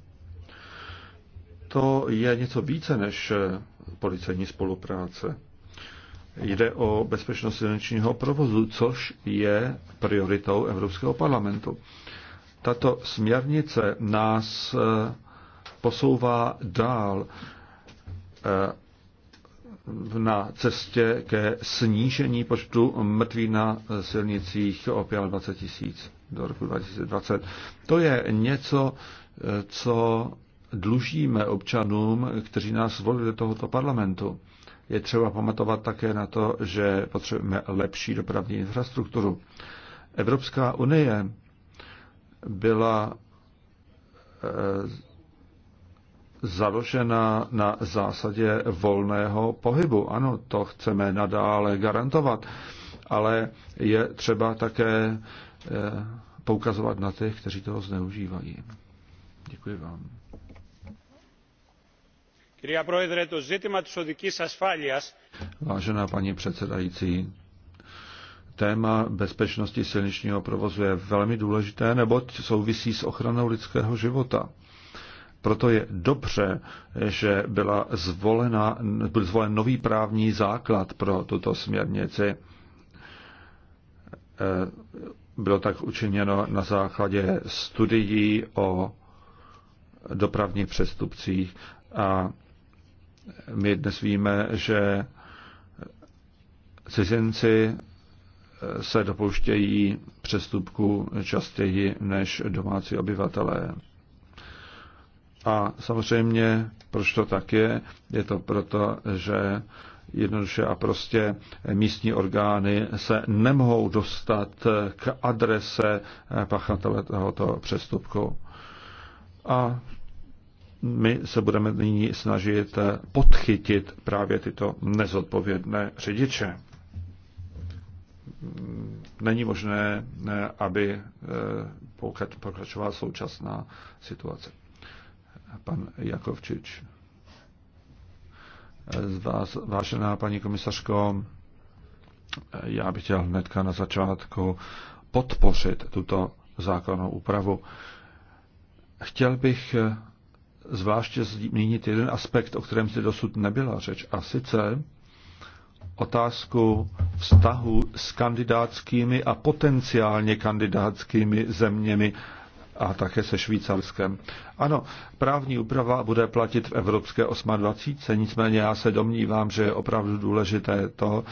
to je něco více než eh, policejní spolupráce. Jde o bezpečnost silničního provozu, což je prioritou Evropského parlamentu. Tato směrnice nás eh, posouvá dál na cestě ke snížení počtu mrtvých na silnicích o 25 tisíc do roku 2020. To je něco, co dlužíme občanům, kteří nás volili do tohoto parlamentu. Je třeba pamatovat také na to, že potřebujeme lepší dopravní infrastrukturu. Evropská unie byla eh, založena na zásadě volného pohybu. Ano, to chceme nadále garantovat, ale je třeba také eh, poukazovat na těch, kteří toho zneužívají. Děkuji vám. Vážená paní předsedající, téma bezpečnosti silničního provozu je velmi důležité, neboť souvisí s ochranou lidského života. Proto je dobře, že byla zvolena, byl zvolen nový právní základ pro tuto směrnici. Eh, bylo tak učiněno na základě studií o dopravních přestupcích a my dnes víme, že cizinci eh, se dopouštějí přestupku častěji než domácí obyvatelé. A samozřejmě, proč to tak je? Je to proto, že jednoduše a prostě místní orgány se nemohou dostat k adrese pachatele tohoto přestupku. A my se budeme nyní snažit podchytit právě tyto nezodpovědné řidiče. Není možné, aby pokračovala současná situace pan Jakovčič. Z vás, vážená paní komisařko, já bych chtěl hnedka na začátku podpořit tuto zákonnou úpravu. Chtěl bych zvláště zmínit jeden aspekt, o kterém si dosud nebyla řeč, a sice otázku vztahu s kandidátskými a potenciálně kandidátskými zeměmi a také se Švýcarskem. Ano, právní úprava bude platit v Evropské 28, nicméně já se domnívám, že je opravdu důležité to,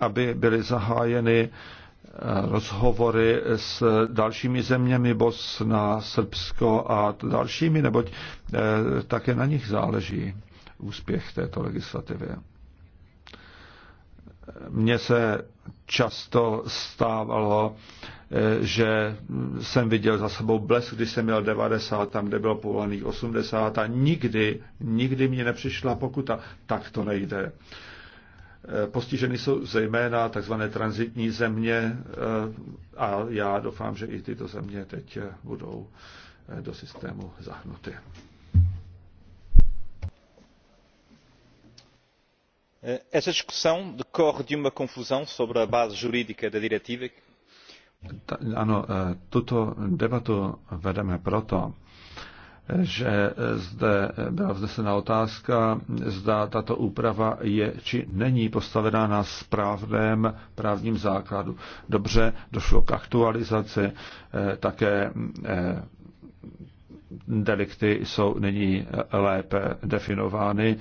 aby byly zahájeny eh, rozhovory s dalšími zeměmi Bosna, Srbsko a dalšími, neboť eh, také na nich záleží úspěch této legislativy. Mně se často stávalo, Eh, že jsem viděl za sebou blesk, když jsem měl 90, tam, kde bylo povolených 80 a nikdy, nikdy mě nepřišla pokuta. Tak to nejde. Eh, postiženy jsou zejména tzv. transitní země eh, a já doufám, že i tyto země teď budou do systému zahnuty. Essa discussão decorre de uma confusão sobre a base jurídica da diretiva ta, ano, e, tuto debatu vedeme proto, že zde byla vznesena otázka, zda tato úprava je či není postavená na správném právním základu. Dobře, došlo k aktualizaci, e, také e, delikty jsou nyní lépe definovány.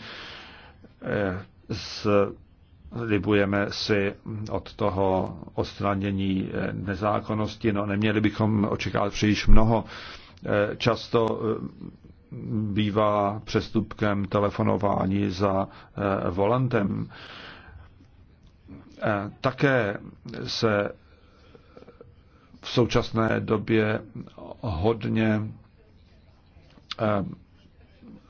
Z Libujeme si od toho odstranění eh, nezákonnosti, no neměli bychom očekávat příliš mnoho. Eh, často eh, bývá přestupkem telefonování za volantem. Také se v současné době hodně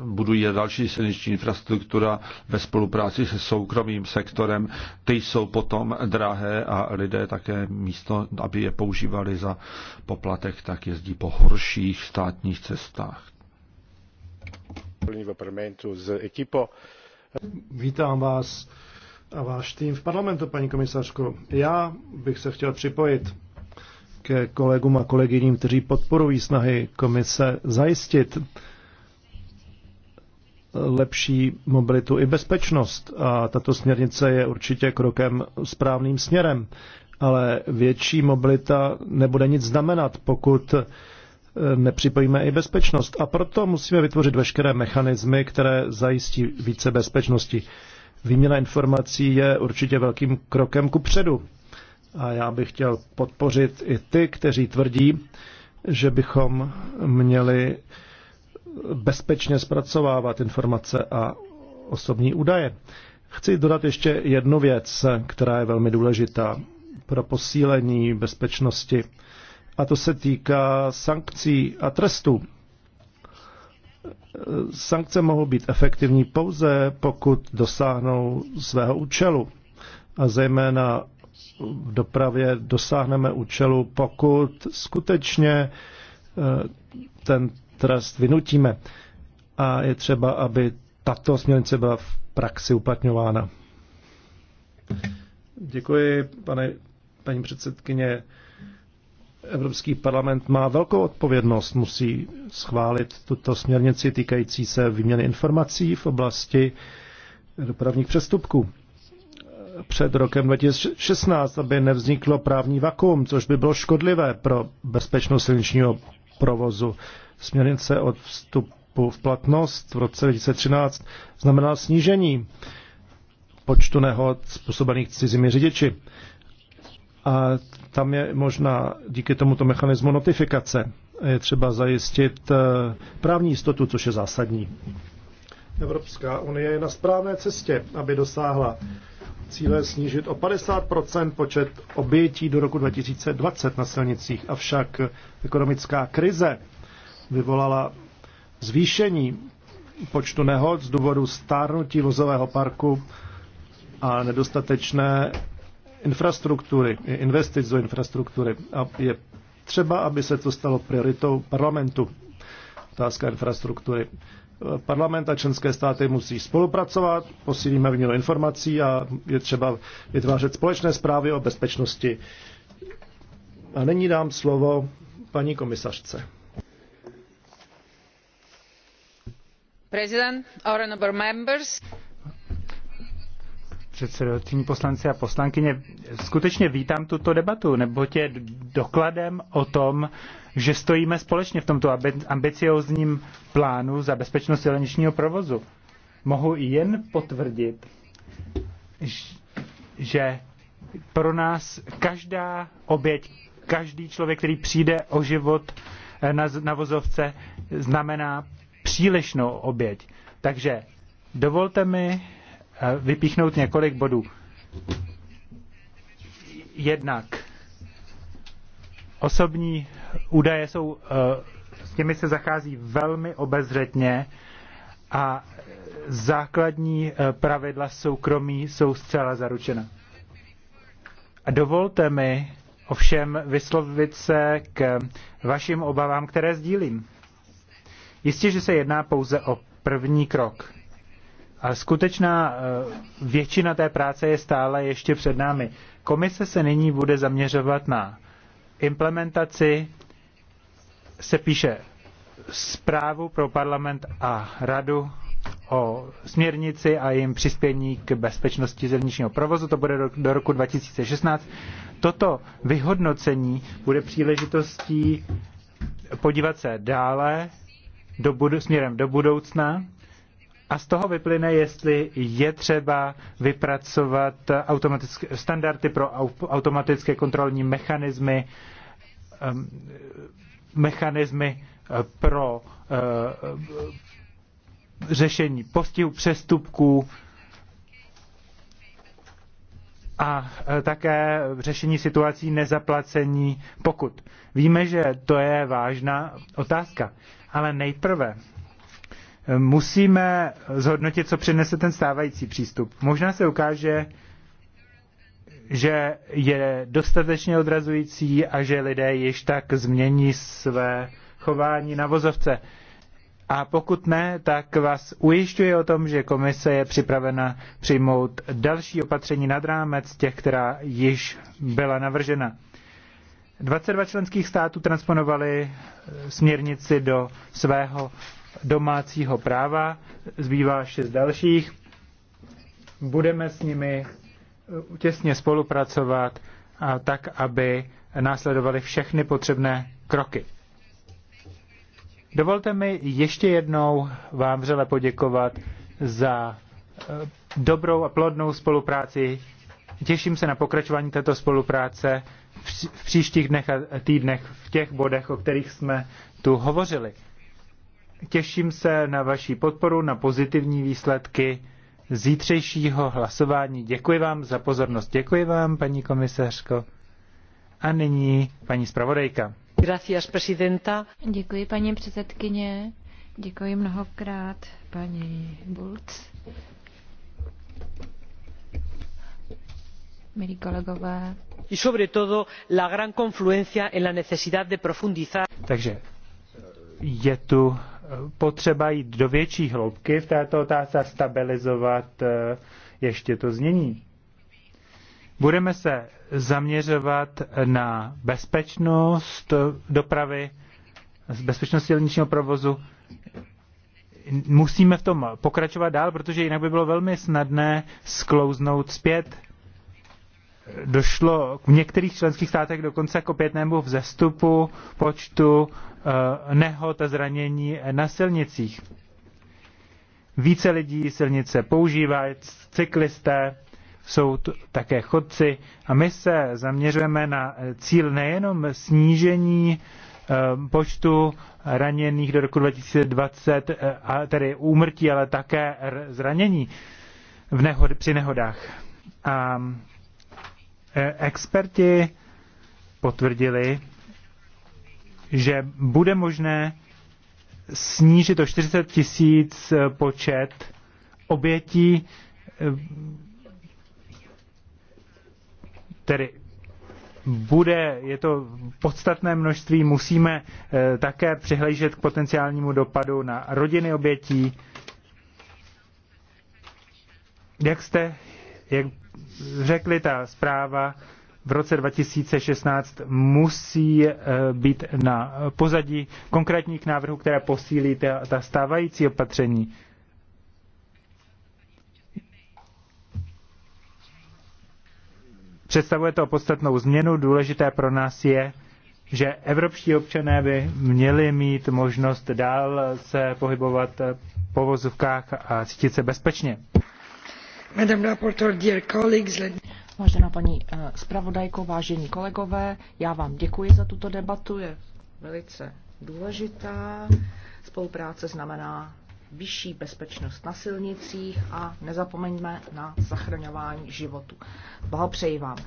budují další silniční infrastruktura ve spolupráci se soukromým sektorem. Ty jsou potom drahé a lidé také místo, aby je používali za poplatek, tak jezdí po horších státních cestách. Vítám vás a váš tým v parlamentu, paní komisařko. Já bych se chtěl připojit ke kolegům a kolegyním, kteří podporují snahy komise zajistit lepší mobilitu i bezpečnost. A tato směrnice je určitě krokem správným směrem. Ale větší mobilita nebude nic znamenat, pokud eh, nepřipojíme i bezpečnost. A proto musíme vytvořit veškeré mechanismy, které zajistí více bezpečnosti. Výměna informací je určitě velkým krokem ku předu. A já bych chtěl podpořit i ty, kteří tvrdí, že bychom měli bezpečně zpracovávat informace a osobní údaje. Chci dodat ještě jednu věc, která je velmi důležitá pro posílení bezpečnosti. A to se týká sankcí a trestů. Sankce mohou být efektivní pouze, pokud dosáhnou svého účelu. A zejména v dopravě dosáhneme účelu, pokud skutečně eh, ten trest vynutíme. A je třeba, aby tato směrnice byla v praxi uplatňována. Děkuji, pane, paní předsedkyně. Evropský parlament má velkou odpovědnost, musí schválit tuto směrnici týkající se výměny informací v oblasti dopravních přestupků. Před rokem 2016, aby nevzniklo právní vakuum, což by bylo škodlivé pro bezpečnost silničního provozu směrnice od vstupu v platnost v roce 2013 znamenala snížení počtu nehod způsobených cizími řidiči. A tam je možná díky tomuto mechanismu notifikace. Je třeba zajistit eh, právní jistotu, což je zásadní. Evropská unie je na správné cestě, aby dosáhla cíle snížit o 50 počet obětí do roku 2020 na silnicích. Avšak ekonomická krize vyvolala zvýšení počtu nehod z důvodu stárnutí vozového parku a nedostatečné infrastruktury, investic do infrastruktury. A je třeba, aby se to stalo prioritou parlamentu, otázka infrastruktury. Parlament a členské státy musí spolupracovat, posílíme výměnu informací a je třeba vytvářet společné zprávy o bezpečnosti. A nyní dám slovo paní komisařce. předsedající poslanci a poslankyně skutečně vítám tuto debatu neboť je dokladem o tom že stojíme společně v tomto ambiciózním plánu za bezpečnost silničního provozu. mohu jen potvrdit že pro nás každá oběť každý člověk který přijde o život eh, na, na vozovce znamená přílišnou oběť. Takže dovolte mi eh, vypíchnout několik bodů. Jednak osobní údaje jsou, eh, s těmi se zachází velmi obezřetně a základní eh, pravidla soukromí jsou zcela zaručena. A dovolte mi ovšem vyslovit se k vašim obavám, které sdílím. Jistě, že se jedná pouze o první krok, ale skutečná eh, většina té práce je stále ještě před námi. Komise se nyní bude zaměřovat na implementaci, se píše zprávu pro parlament a radu o směrnici a jejím přispění k bezpečnosti zevnitřního provozu. To bude do roku 2016. Toto vyhodnocení bude příležitostí podívat se dále do budu- směrem do budoucna. A z toho vyplyne, jestli je třeba vypracovat automatické standardy pro automatické kontrolní mechanismy, ehm, mechanismy eh, pro eh, řešení postihu přestupků, a e, také řešení situací nezaplacení pokud. Víme, že to je vážná otázka, ale nejprve e, musíme zhodnotit, co přinese ten stávající přístup. Možná se ukáže, že je dostatečně odrazující a že lidé již tak změní své chování na vozovce. A pokud ne, tak vás ujišťuji o tom, že komise je připravena přijmout další opatření nad rámec těch, která již byla navržena. 22 členských států transponovali eh, směrnici do svého domácího práva, zbývá šest dalších. Budeme s nimi eh, těsně spolupracovat tak, aby následovaly všechny potřebné kroky. Dovolte mi ještě jednou vám vřele poděkovat za eh, dobrou a plodnou spolupráci. Těším se na pokračování této spolupráce v příštích dnech a týdnech v těch bodech, o kterých jsme tu hovořili. Těším se na vaši podporu, na pozitivní výsledky zítřejšího hlasování. Děkuji vám za pozornost. Děkuji vám, paní komisařko. A nyní paní zpravodajka. Gracias, presidenta. Děkuji, paní předsedkyně. Děkuji mnohokrát, paní Bulc. Milí kolegové. Y sobre todo la gran confluencia en la necesidad de profundizar. Takže eh, je tu eh, potřeba jít do větší hloubky v této otázce a stabilizovat eh, ještě to znění. Budeme se zaměřovat na bezpečnost dopravy, bezpečnost silničního provozu. Musíme v tom pokračovat dál, protože jinak by bylo velmi snadné sklouznout zpět. Došlo v některých členských státech dokonce k opětnému vzestupu počtu eh, nehod a zranění na silnicích. Více lidí silnice používá, cyklisté, jsou tu také chodci a my se zaměřujeme na eh, cíl nejenom snížení eh, počtu raněných do roku 2020, eh, tedy úmrtí, ale také zranění v nehod, při nehodách. A experti potvrdili, že bude možné snížit o 40 tisíc počet obětí Tedy bude, je to podstatné množství, musíme eh, také přihlížet k potenciálnímu dopadu na rodiny obětí. Jak jste jak řekli, ta zpráva v roce 2016 musí eh, být na pozadí konkrétních návrhů, které posílí ta, ta stávající opatření. Představuje to podstatnou změnu, důležité pro nás je, že evropští občané by měli mít možnost dál se pohybovat po vozovkách a cítit se bezpečně. Madame rapporteur, dear colleagues, let... Vážená paní eh, zpravodajko, vážení kolegové, já vám děkuji za tuto debatu, je velice důležitá. Spolupráce znamená vyšší bezpečnost na silnicích a nezapomeňme na zachraňování životu. Blahopřeji vám.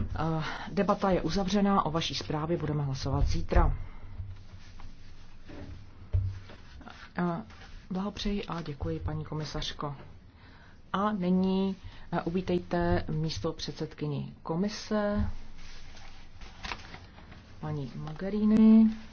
Eh, debata je uzavřená, o vaší zprávě budeme hlasovat zítra. Eh, blahopřeji a děkuji, paní komisařko. A nyní eh, uvítejte místo předsedkyni komise, paní Mogherini.